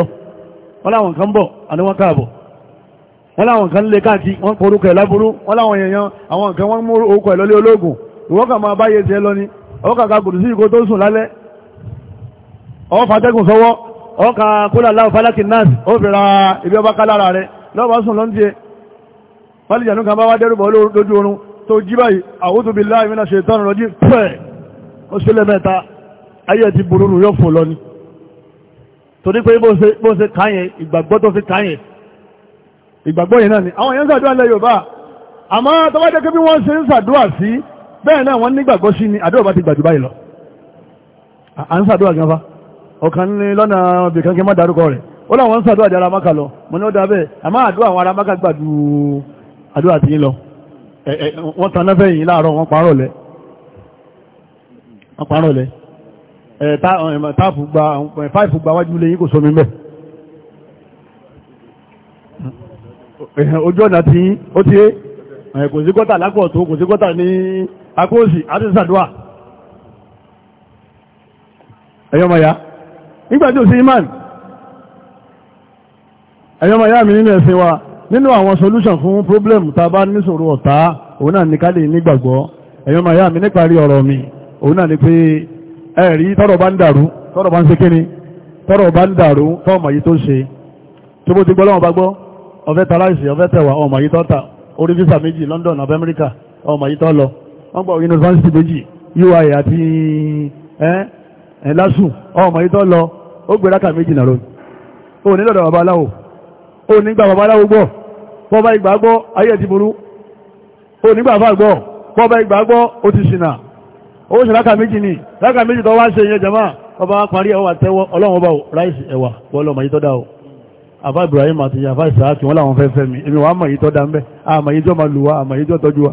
lọ ọkàkà kùrù sí ìkó tó sùn lálẹ́ ọfàtẹ́gùn sọwọ́ ọkà kólà láwọ fálákì náà ó fi ra ibi ọba ká lára rẹ lọ́wọ́ sùn lọ́n tiẹ̀ fálìjànú kan bá wá dẹ́rùbọ̀ lójú oorun tó jí báyìí a'udhu billahi minash shaitanir rajim pẹ́ ó sílẹ̀ mẹ́ta ayé ti burú yóò fò lọ ni torí pé bó ṣe káyẹn ìgbàgbọ́ tó fi káyẹn ìgbàgbọ́ yìí náà ni àwọn èèyàn ṣàdúrà lẹ́yìn Yorùbá àmọ́ tọ́wọ́ jẹ́ pé bí wọ́n ṣe ń ṣàdúrà sí bẹ́ẹ̀ náà wọ́n nígbàgbọ́ sí ni àdúrà bá ti gbàjú báyìí lọ à ń sàdúrà gan fa ọ̀kan ní lọ́nà bìkan kí n má darúkọ rẹ̀ ó láwọn ń sàdúrà di maka lọ mo ní ó da bẹ́ẹ̀ àmọ́ àdúrà àwọn ara maka gbàjú àdúrà ti yín lọ wọ́n tan náfẹ́ yìí láàárọ̀ wọ́n parọ́ lẹ̀ wọ́n parọ́ lẹ̀ táàpù gba fáìfù gba wájú àpòsì àti sàdúà ẹ̀yọ́mọ̀yá nígbàtí ò sí imán ẹ̀yọ́mọ̀yá mi nínú ẹ̀sìn wa nínú àwọn solution fún problem ta bá níṣòro ọ̀tá òun náà ní ká lè nígbàgbọ́ ẹ̀yọ́mọ̀yá mi níparí ọ̀rọ̀ mi òun náà ni pé ẹ̀rí tọ́rọ̀ bá ń dàrú tọ́rọ̀ bá ń ṣe kíni tọ́rọ̀ bá ń dàrú yìí tó bó ti wọ́n gbọ́ yunifásitì méjì ui àti ẹ̀lásù ọmọ ìtọ́ lọ ó gbé rákà méjì nàró ó ní lọ́dọ̀ babaláwo ó nígbà babaláwo gbọ́ bọ́bá ìgbà gbọ́ ayé ti burú ó nígbà bá gbọ́ bọ́bá ìgbà gbọ́ ó ti ṣìnà ó ṣe rákà méjì ni rákà méjì tó wá ṣe yẹn jama ọba parí ẹwà tẹ́wọ́ ọlọ́run ọba ráìsì ẹwà wọ́lọ́mọ yìí tọ́dá o àfá Ibrahim àti àfá Isaac wọn làwọn fẹ́ fẹ́ mi èmi wàá mọ̀ yìí tọ́dá ń bẹ́ àmọ̀ yìí jọ́ máa lù wá àmọ̀ yìí jọ́ tọ́jú wa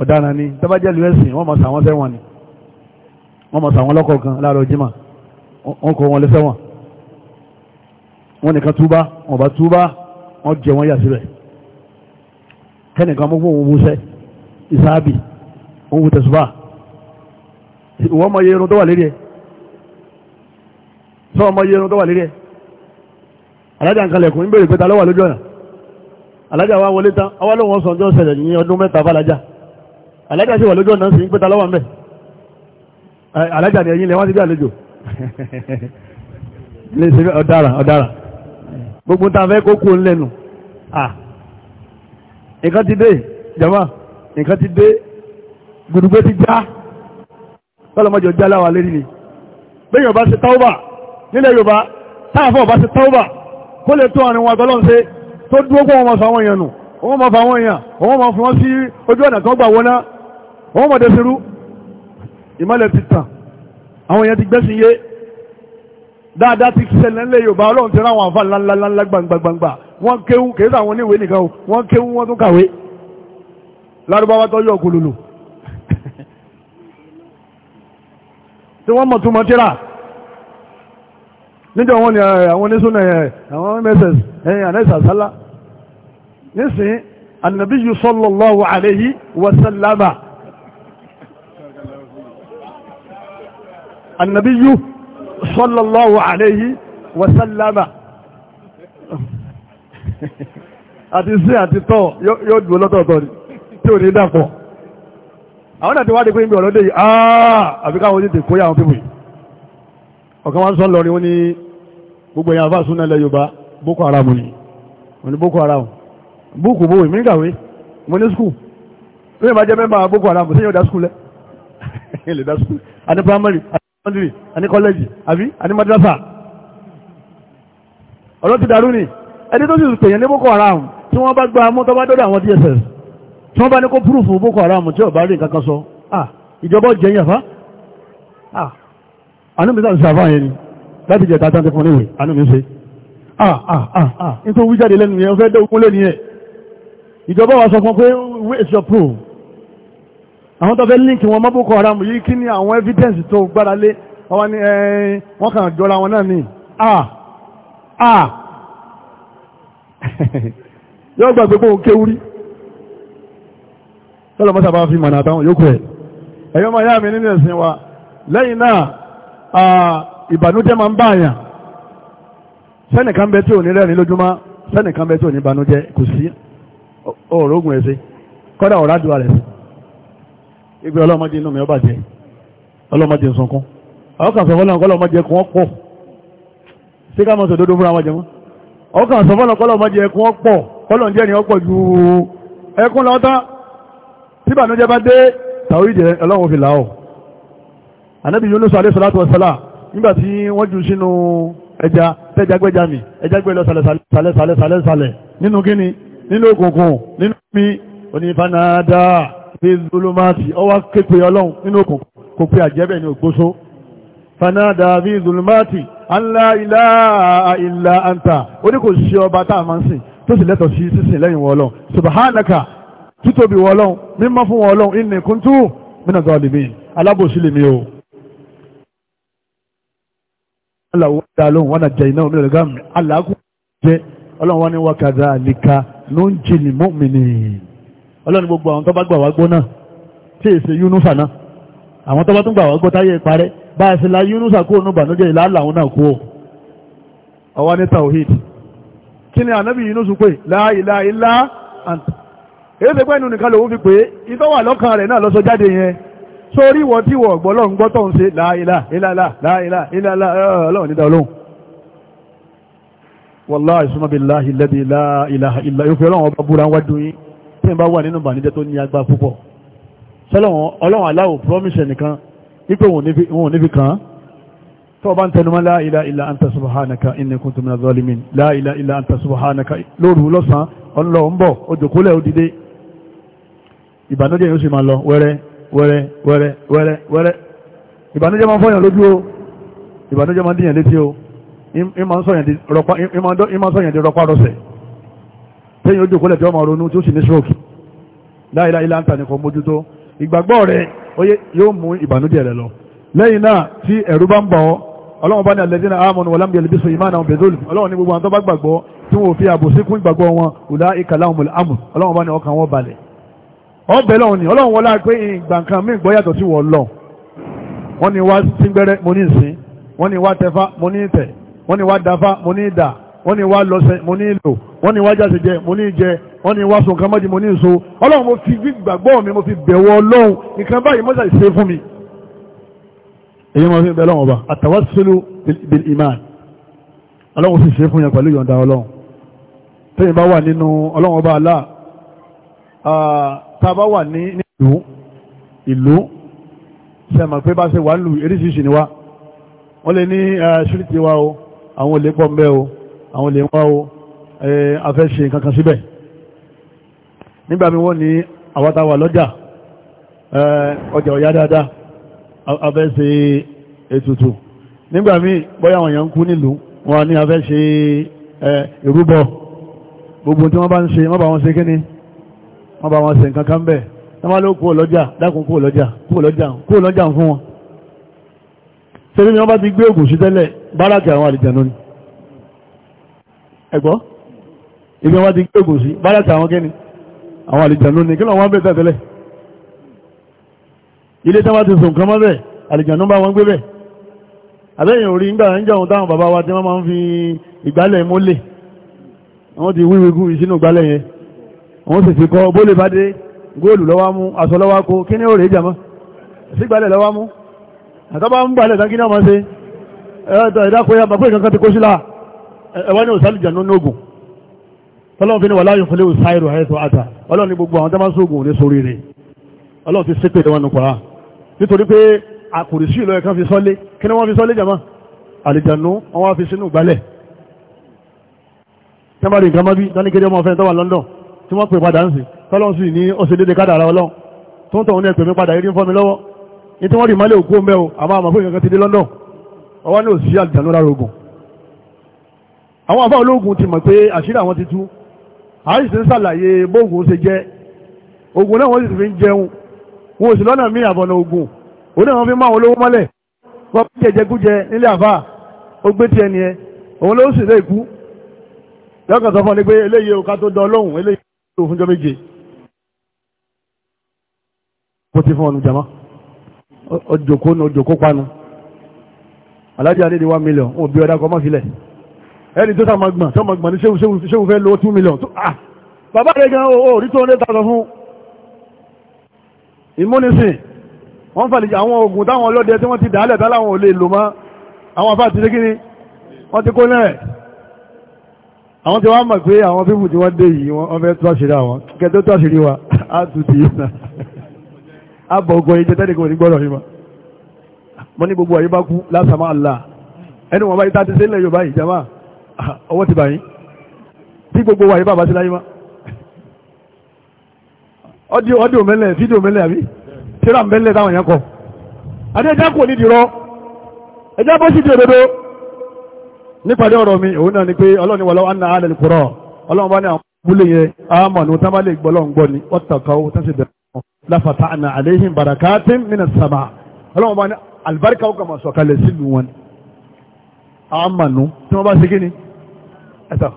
ọ̀daràn ni tọ́bájẹ́lú ẹ̀sìn wọ́n mọ̀ sàwọn sẹ́wọ̀n ni wọ́n mọ̀ sàwọn lọ́kọ̀ kan láàrọ̀ jímà wọ́n kọ wọn lé sẹ́wọ̀n wọ́n nìkan túbá wọ́n bá túbá wọ́n jẹ wọ́n yà sílẹ̀ kẹ́nìkan mọ́ fún òun wúṣẹ́ ìsáàbì òun wú tẹ̀sùbà ìwọ́n mọ iye irun tó wà lérí ẹ̀ sọ́ọ̀ mọ iye tó wà lérí ẹ̀ alájà nǹkan lẹ̀kùn ń béèrè pé ta ló lójú ọ̀nà alájà wa wọlé tán ọwọ́ sọ̀njọ́ sẹ̀lẹ̀ ní ọdún mẹ́ta fàlájà alájà sí wà lójú ọ̀nà sí ń pẹ́ta lọ́wọ́ mẹ́ alájà ni ẹ̀yìn lẹ wọ́n ti bí àlejò lè ṣe ọ̀dára ọ̀dára gbogbo ta fẹ́ kó kú ń lẹ́nu ah nǹkan ti dé jama nǹkan ti dé gbùdùgbé ti já tọ́lọmọjọ já láwà lérí ni bí Yorùbá ṣe táwọ́bà nílẹ̀ Yorùbá táàfọ́ ọba ṣe táwọ́bà kó lè tó àrin wọn àtọ́lọ́n ṣe tó dúró kó wọn mọ̀ sọ àwọn èèyàn nù òun mọ̀ fọ àwọn èèyàn òun mọ̀ fọ wọn sí ojú ọ̀nà kan gbà wọná wọ́n mọ̀dé sírú ìmọ̀lẹ̀ ti tàn àwọn èèyàn ti gbẹ́sìn yé dáadáa ti ṣẹlẹ̀ ńlẹ̀ Yorùbá Ọlọ́run ti ráwọn àǹfà ńláńláńlá gbangbangba wọ́n kéwú kèé sàwọn oníwèé nìkan o wọ́n kéwú wọ́n tún kàwé lárúbáwá tọ́jú ọ̀kùnlùlù tí wọ́n mọ̀ tún mọ̀ tíra níjọ wọn ni eh, àwọn onísúnà eh, àwọn mss ẹ̀yìn eh, anẹ́sà sálá nísìn ànàbíyù sallallahu alayhi wa sallama النبي صلى الله عليه وسلم àti sí àti tọ́ yóò dùn lọ́tọ̀ọ̀tọ̀ ni tí ò ní dàpọ̀ àwọn àti wádìí pé ń bí ọ̀rọ̀ dé yìí àà àfikáwọn ojú ti kó yàwọn pípò yìí ọ̀kan wá ń sọ lọ́rin wọ́n ní gbogbo èèyàn àfáà súnà ilẹ̀ Yorùbá Boko Haram ni wọ́n ní Boko Haram búùkù bóòwì mí kàwé mo ní skul lóyìn bá jẹ́ mẹ́mbà Boko Haram sí yóò dá skul lẹ́ ilẹ̀ dá skul àti primary kọ́ndìrì àní kọ́lẹ́jì àbí àní madrasa ọ̀rọ̀ ti dàrú ni ẹni tó sì pèyàn ní boko haram tí wọ́n bá gba mú tó bá dọ́dọ̀ àwọn dss tí wọ́n bá ní kó púrùfù boko haram tí ò bá rí nǹkan sọ ah ìjọba jẹyìn àfá ah àánú mi sáà sáfà yẹn ni láti jẹ tàtà ti fún níwè àánú mi ṣe ah ah ah ah nítorí wíjáde lẹ́nu yẹn fẹ́ dẹ́ òkúnlé nìyẹn ìjọba wa sọ fún pé wait your proof àwọn tọ́fẹ́ líǹkì wọn mọ́bùkọ haram yìí kí ni àwọn evidence tó gbára lé wọ́n ní ẹ̀yìn wọ́n kàn jọra wọn náà ní àà àà yóò gbàgbé pé òun kéwúrí tọ́lọ̀ mọ́ta bá fi mọ̀nà àtàwọn yóò ẹ̀ ẹ̀yọ́ máa yá mi nínú ẹ̀sìn wa lẹ́yìn náà ìbànújẹ́ máa ń bá àyàn sẹ́nìkan bẹ tí ò ní rẹ́rìn lójúmọ́ sẹ́nìkan bẹ tí ò ní banújẹ́ kò sí ọ̀rọ̀ ogun ẹ̀sìn kọ́dà ọ̀rọ̀ àdúrà rẹ̀ sí ibi ọlọ́mọdé inú mi ọba jẹ ọlọ́mọdé sunkún ọkàn sọ fọ́lọ́ ọlọ́mọdé kún ọpọ̀ sí ká mọ́ sọ dódó fúnra ọmọdé wọn ọkàn sọ fọ́lọ́ ọlọ́mọdé kún ọpọ̀ kọ́lọ̀ jẹ́ ní ọpọ̀ ju ẹkún lọ́tá tí bànújẹ́ bá dé tàwí jẹ ọlọ́run fi làá ànábì Yunus alẹ́ sọlá tó sọlá nígbà tí wọ́n ju sínú ẹja tẹ́ja gbẹ́ja mi ẹja lọ sàlẹ̀ nínú kíni nínú òkùnkùn nínú mi onífanáadáa fi zulumati ọwá képe ọlọ́run nínú òkùn kò pé àjẹ́bẹ̀ ní ògbóso fanáda fi zulumati anlá ilá anta ó ní kò sí ọba tá a máa ń sìn tó sì lẹ́tọ̀ sí sísìn lẹ́yìn wọn ọlọ́run subhanaka títóbi wọn ọlọ́run mímọ́ fún wọn ọlọ́run inni kuntu mina zalimin alábòsí lèmi o aláwọ̀ dá lóhùn wọn àjẹ iná ọlọ́run gbogbo àwọn tó bá gbà wá gbọ́ náà tí èsè yúnúfà náà àwọn tó bá tún gbà wá gbọ́ táyé parẹ́ bá a sì la yúnúfà kó ònú bànújẹ́ ìlà làwọn náà kú ọ ọwá ní tawhid kí ni ànábì yúnúfù pé la ilaha illa anta èyí ti pẹ́ inú nìkan lòun fi pé ìtọ́ wà lọ́kàn rẹ̀ náà lọ́sọ jáde yẹn sórí wọ́n tí wọ́n gbọ́ lọ́n gbọ́ tóun ṣe la tí ń bá wà nínú ìbànújẹ́ tó ní agbá púpọ̀ ọlọ́run aláwò promise nìkan wípé wọn ò níbi kan tó bá ń tẹnumọ́ la ilaha illa anta subhanaka inni kuntu minaz zalimin la ilaha illa anta subhanaka lóòrù lọ́sàn ọlọ́ ń bọ̀ ojòkólẹ̀ òdìdé ìbànújẹ́ yóò sì máa lọ wẹ́rẹ́ wẹ́rẹ́ wẹ́rẹ́ wẹ́rẹ́ wẹ́rẹ́ ìbànújẹ́ máa fọyàn lójú o ìbànújẹ́ máa ń létí o ìmọ̀ sọ̀yàn di rọpárọsẹ̀ tẹ́yìn ó jòkó lẹ́tọ́ ọmọ ronú tí ó sì ní stroke láìláì ilá ń tà nìkan mójútó ìgbàgbọ́ rẹ̀ yóò mú ìbànújẹ́ rẹ̀ lọ lẹ́yìn náà tí ẹ̀rú bá ń bọ̀ ọ́ ọlọ́run bá ní alladhina amanu wa lam yalbisu imanahum bidhulm ọlọ́run ní gbogbo àwọn tó bá gbàgbọ́ tí wọn ò fi àbòsí kún ìgbàgbọ́ wọn ulaika lahumul amn ọlọ́run bá ní ọkàn wọn balẹ̀ ọbẹ̀ lọ́hùn ni ọlọ́run wọlá pé ìgbà nǹkan mí gbọ́ yàtọ̀ sí wọ́n lọ wọ́n ní wá síngbẹ́rẹ́ mo ní ìsín wọ́n ní wá tẹfá mo ní ìtẹ̀ wọ́n ní wá dáfá mo ní ìdà wọ́n ní wá lọ́sẹ̀ mo ní lò wọ́n ní wá jáde jẹ mo ní jẹ wọ́n ní wá so nǹkan mọ́jì mo ní so ọlọ́run mo fi gbàgbọ́ mi mo fi bẹ̀wọ̀ ọlọ́run nǹkan báyìí mọ́sà ṣe fún mi. èyí mo fi bẹ̀ lọ́wọ́ ọba àtàwásílù bil iman ọlọ́run sì ṣe fún yẹn pẹ̀lú yọ̀ǹda ọlọ́run tẹ́yìn bá wà nínú ọlọ́run ọba àlá tá a bá wà ní ìlú ìlú sẹ́mà pé bá ṣe wà ń lu eréṣiṣi ni wa wọ́n lè ní ṣíríìtì wa o àwọn olè pọ̀ ń o àwọn lè wá o afẹ́ ṣe nǹkan kan síbẹ̀ nígbà mi wọ́n ní àwátáwà lọ́jà ọjà ọ̀yá dáadáa afẹ́ ṣe ètùtù nígbà mi bọ́yá àwọn èèyàn ń kú nílùú wọn ní afẹ́ ṣe ìrúbọ gbogbo tí wọ́n bá ń ṣe má bá wọn ṣe kíní má bá wọn ṣe nǹkan bẹ́ẹ̀ ẹ̀gbọ́ ibi wọn ti gbégun sí bá láti àwọn kíni àwọn àlìjànú ni kí lọ wọn bẹ tẹ̀tẹ̀lẹ̀ ilé tí wọn ti sùn kan mọ́bẹ̀ àlìjànú bá wọn gbé bẹ̀ àbẹ́yìn orí ńgbà ń jẹun táwọn bàbá wa tí wọ́n máa ń fi ìgbálẹ̀ mólè wọ́n ti wíwigún ìsínú ìgbálẹ̀ yẹn wọ́n sì fi kọ́ bólè bá dé góòlù lọ́wọ́ mú aṣọ lọ́wọ́ kó kí ní ó rèé jàmọ́ sígbàlẹ̀ lọ́wọ́ mú àtọ́bá ń gbàlẹ̀ tán kí ní ọmọ ṣe ẹ̀ẹ́dọ̀ ìdákòyà bàbá ìkankan ti kó sílá ẹwà ní òsàlù jànú ní ogun tọ́lọ́wọ́n fi ní wàlá yóò fẹ́lẹ́ òsàìrò ẹ̀ẹ́sọ̀ àtà ọlọ́run ní gbogbo àwọn dámásó ogun ní sórí rẹ̀ ọlọ́run ti ṣépè ìdánwò nù kọ́ra nítorí pé àkùrìsí ìlọ ẹ̀kan fi sọ́lé kí ni wọ́n fi sọ́lé jàmá àlìjànú wọ́n wá fi sínú ìgbálẹ̀ tẹ́mbàrí nǹkan mọ́bí dáníkẹ́dẹ́ ọmọ ọ̀fẹ́ tọ́wà London tí wọ́n pè padà ń sì tọ́lọ́n sì ní ọ̀sẹ̀ dédé kádà ara ọlọ́run tó ń tọ̀ ní ẹ̀pẹ̀mí padà irin fọ́mi lọ́wọ́ ní tí wọ́n rí ìmọ́lẹ̀ òkú mẹ́ o àmọ́ àmọ́ fún ìkankan ti dé London ọwọ́ ní òsì àlìjànú lára ogun àwọn àbá ológun ti mọ̀ pé àṣírí àwọn ti tú àìsí ń ṣàlàyé bóògùn ṣe jẹ́ ogun náà wọ́n sì fi ń jẹun wọn ò sì lọ́nà mí àbọ̀nà ogun ó náà wọ́n fi máa wọn lówó mọ́lẹ̀ wọ́n fi jẹjẹkújẹ nílé àfà ó ní ọjọ́kó panu alájà ní di one million òun bí ọ̀dà sílẹ̀ ẹni tó sàmà gbọ̀n sàmà gbọ̀n ní ṣéwù fẹ́ lo two million tó ah bàbá rẹ̀ gan o rí two hundred thousand fún ìmúnisìn wọ́n fàlẹ̀ àwọn oògùn táwọn ọlọ́dẹ tí wọ́n ti dàálẹ̀ táwọn ò lè lò mọ́ àwọn afá ti ṣékíní wọ́n ti kó lẹ́rẹ̀ àwọn ti wá mọ̀ pé àwọn fífù tí wọ́n dé yìí wọ́n fẹ́ tó àṣírí àwọn kẹtó tó àṣírí wa á tù tì í nà á bọ̀ ọgọ́ ìjẹ tẹ́lẹ̀ kò ní gbọ́dọ̀ yìí mọ́ mo ní gbogbo àyíbá kú lásàmà àlà ẹni wọn báyìí tá a ti ṣe ń lẹ̀ Yorùbá yìí jẹ́ máa ọwọ́ ti bàyín tí gbogbo wa yìí bàbá sí láyé má ọdíò ọdíò mẹ́lẹ̀ fídíò mẹ́lẹ̀ àbí tíra mẹ́lẹ̀ táwọn èèyàn kọ adé ẹjá kò nídìí rọ ẹjá bó sì di òdodo nípàdé ọ̀rọ̀ mi òun náà ni pé ọlọ́ni wà lọ́wọ́ anna alẹ́ kúrọ̀ ọlọ́run bá ní àwọn abúlé yẹn àmọ̀nù tá bá lè gbọ́ lọ́n gbọ́ ni ọ̀tàkọ́ tá sì bẹ̀rẹ̀ láfàtà àna àléhìn barakatin minas sama ọlọ́run bá ní àlùbáríkà ó kà máa sọ̀kalẹ̀ sílùú wọn àmọ̀nù tí wọ́n bá ṣe kí ni ẹ̀tọ́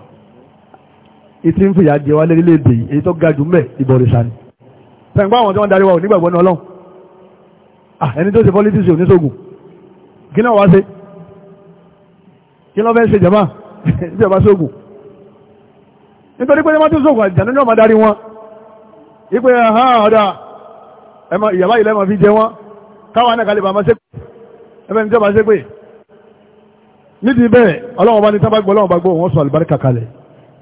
ìtí ń fìyà jẹ wá lórílẹ̀-èdè èyí tó ga jù mẹ́ ìbọ̀rìṣà ni pẹ̀lú àwọn tí wọ́n darí wa ò nígbàgbọ́ náà lọ́hùn ẹni tó ṣe politics oníṣògùn kí náà wá ṣe kí lọ́ fẹ́ ṣe jàmá ṣe ọba ṣògùn nítorí pé wọ́n ti ṣògùn àjànú náà máa darí wọn ipe ẹ̀hán ọ̀dà ìyàbá ilẹ̀ máa fi jẹ wọn káwọn náà kalẹ̀ bàmá ṣépè ẹ̀fẹ̀ ní tí ọba ṣépè nídìí bẹ́ẹ̀ ọlọ́wọ́n bá ní tábàgbọ́ ọlọ́wọ́n bá gbọ́ wọn sọ àlùbáríkà kalẹ̀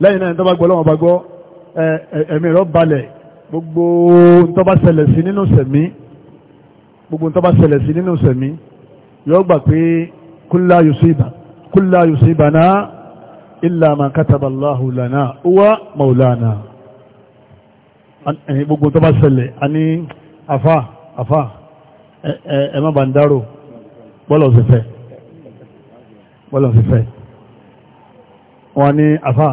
lẹ́yìn náà tábàgbọ́ ọlọ́wọ́n bá gbọ́ ẹ̀mí rọ balẹ̀ gbogbo ntọ́ba ṣẹlẹ̀ sí nínú sẹ̀mí gbogbo ntọ́ba ṣẹlẹ̀ sí nínú sẹ̀mí yọ gbà pé kúlá yusiba kúlá yusibana illa ma kataballahu lana huwa maulana gbogbo ntọ́ba ṣẹlẹ̀ àní àfà àfà ẹ̀ ẹ̀ ẹ̀ má bàa ń dárò bọ́lọ̀ ọ̀sẹ̀ fẹ́ẹ́ bọ́lọ̀ fífẹ́ wọ́n ní àfá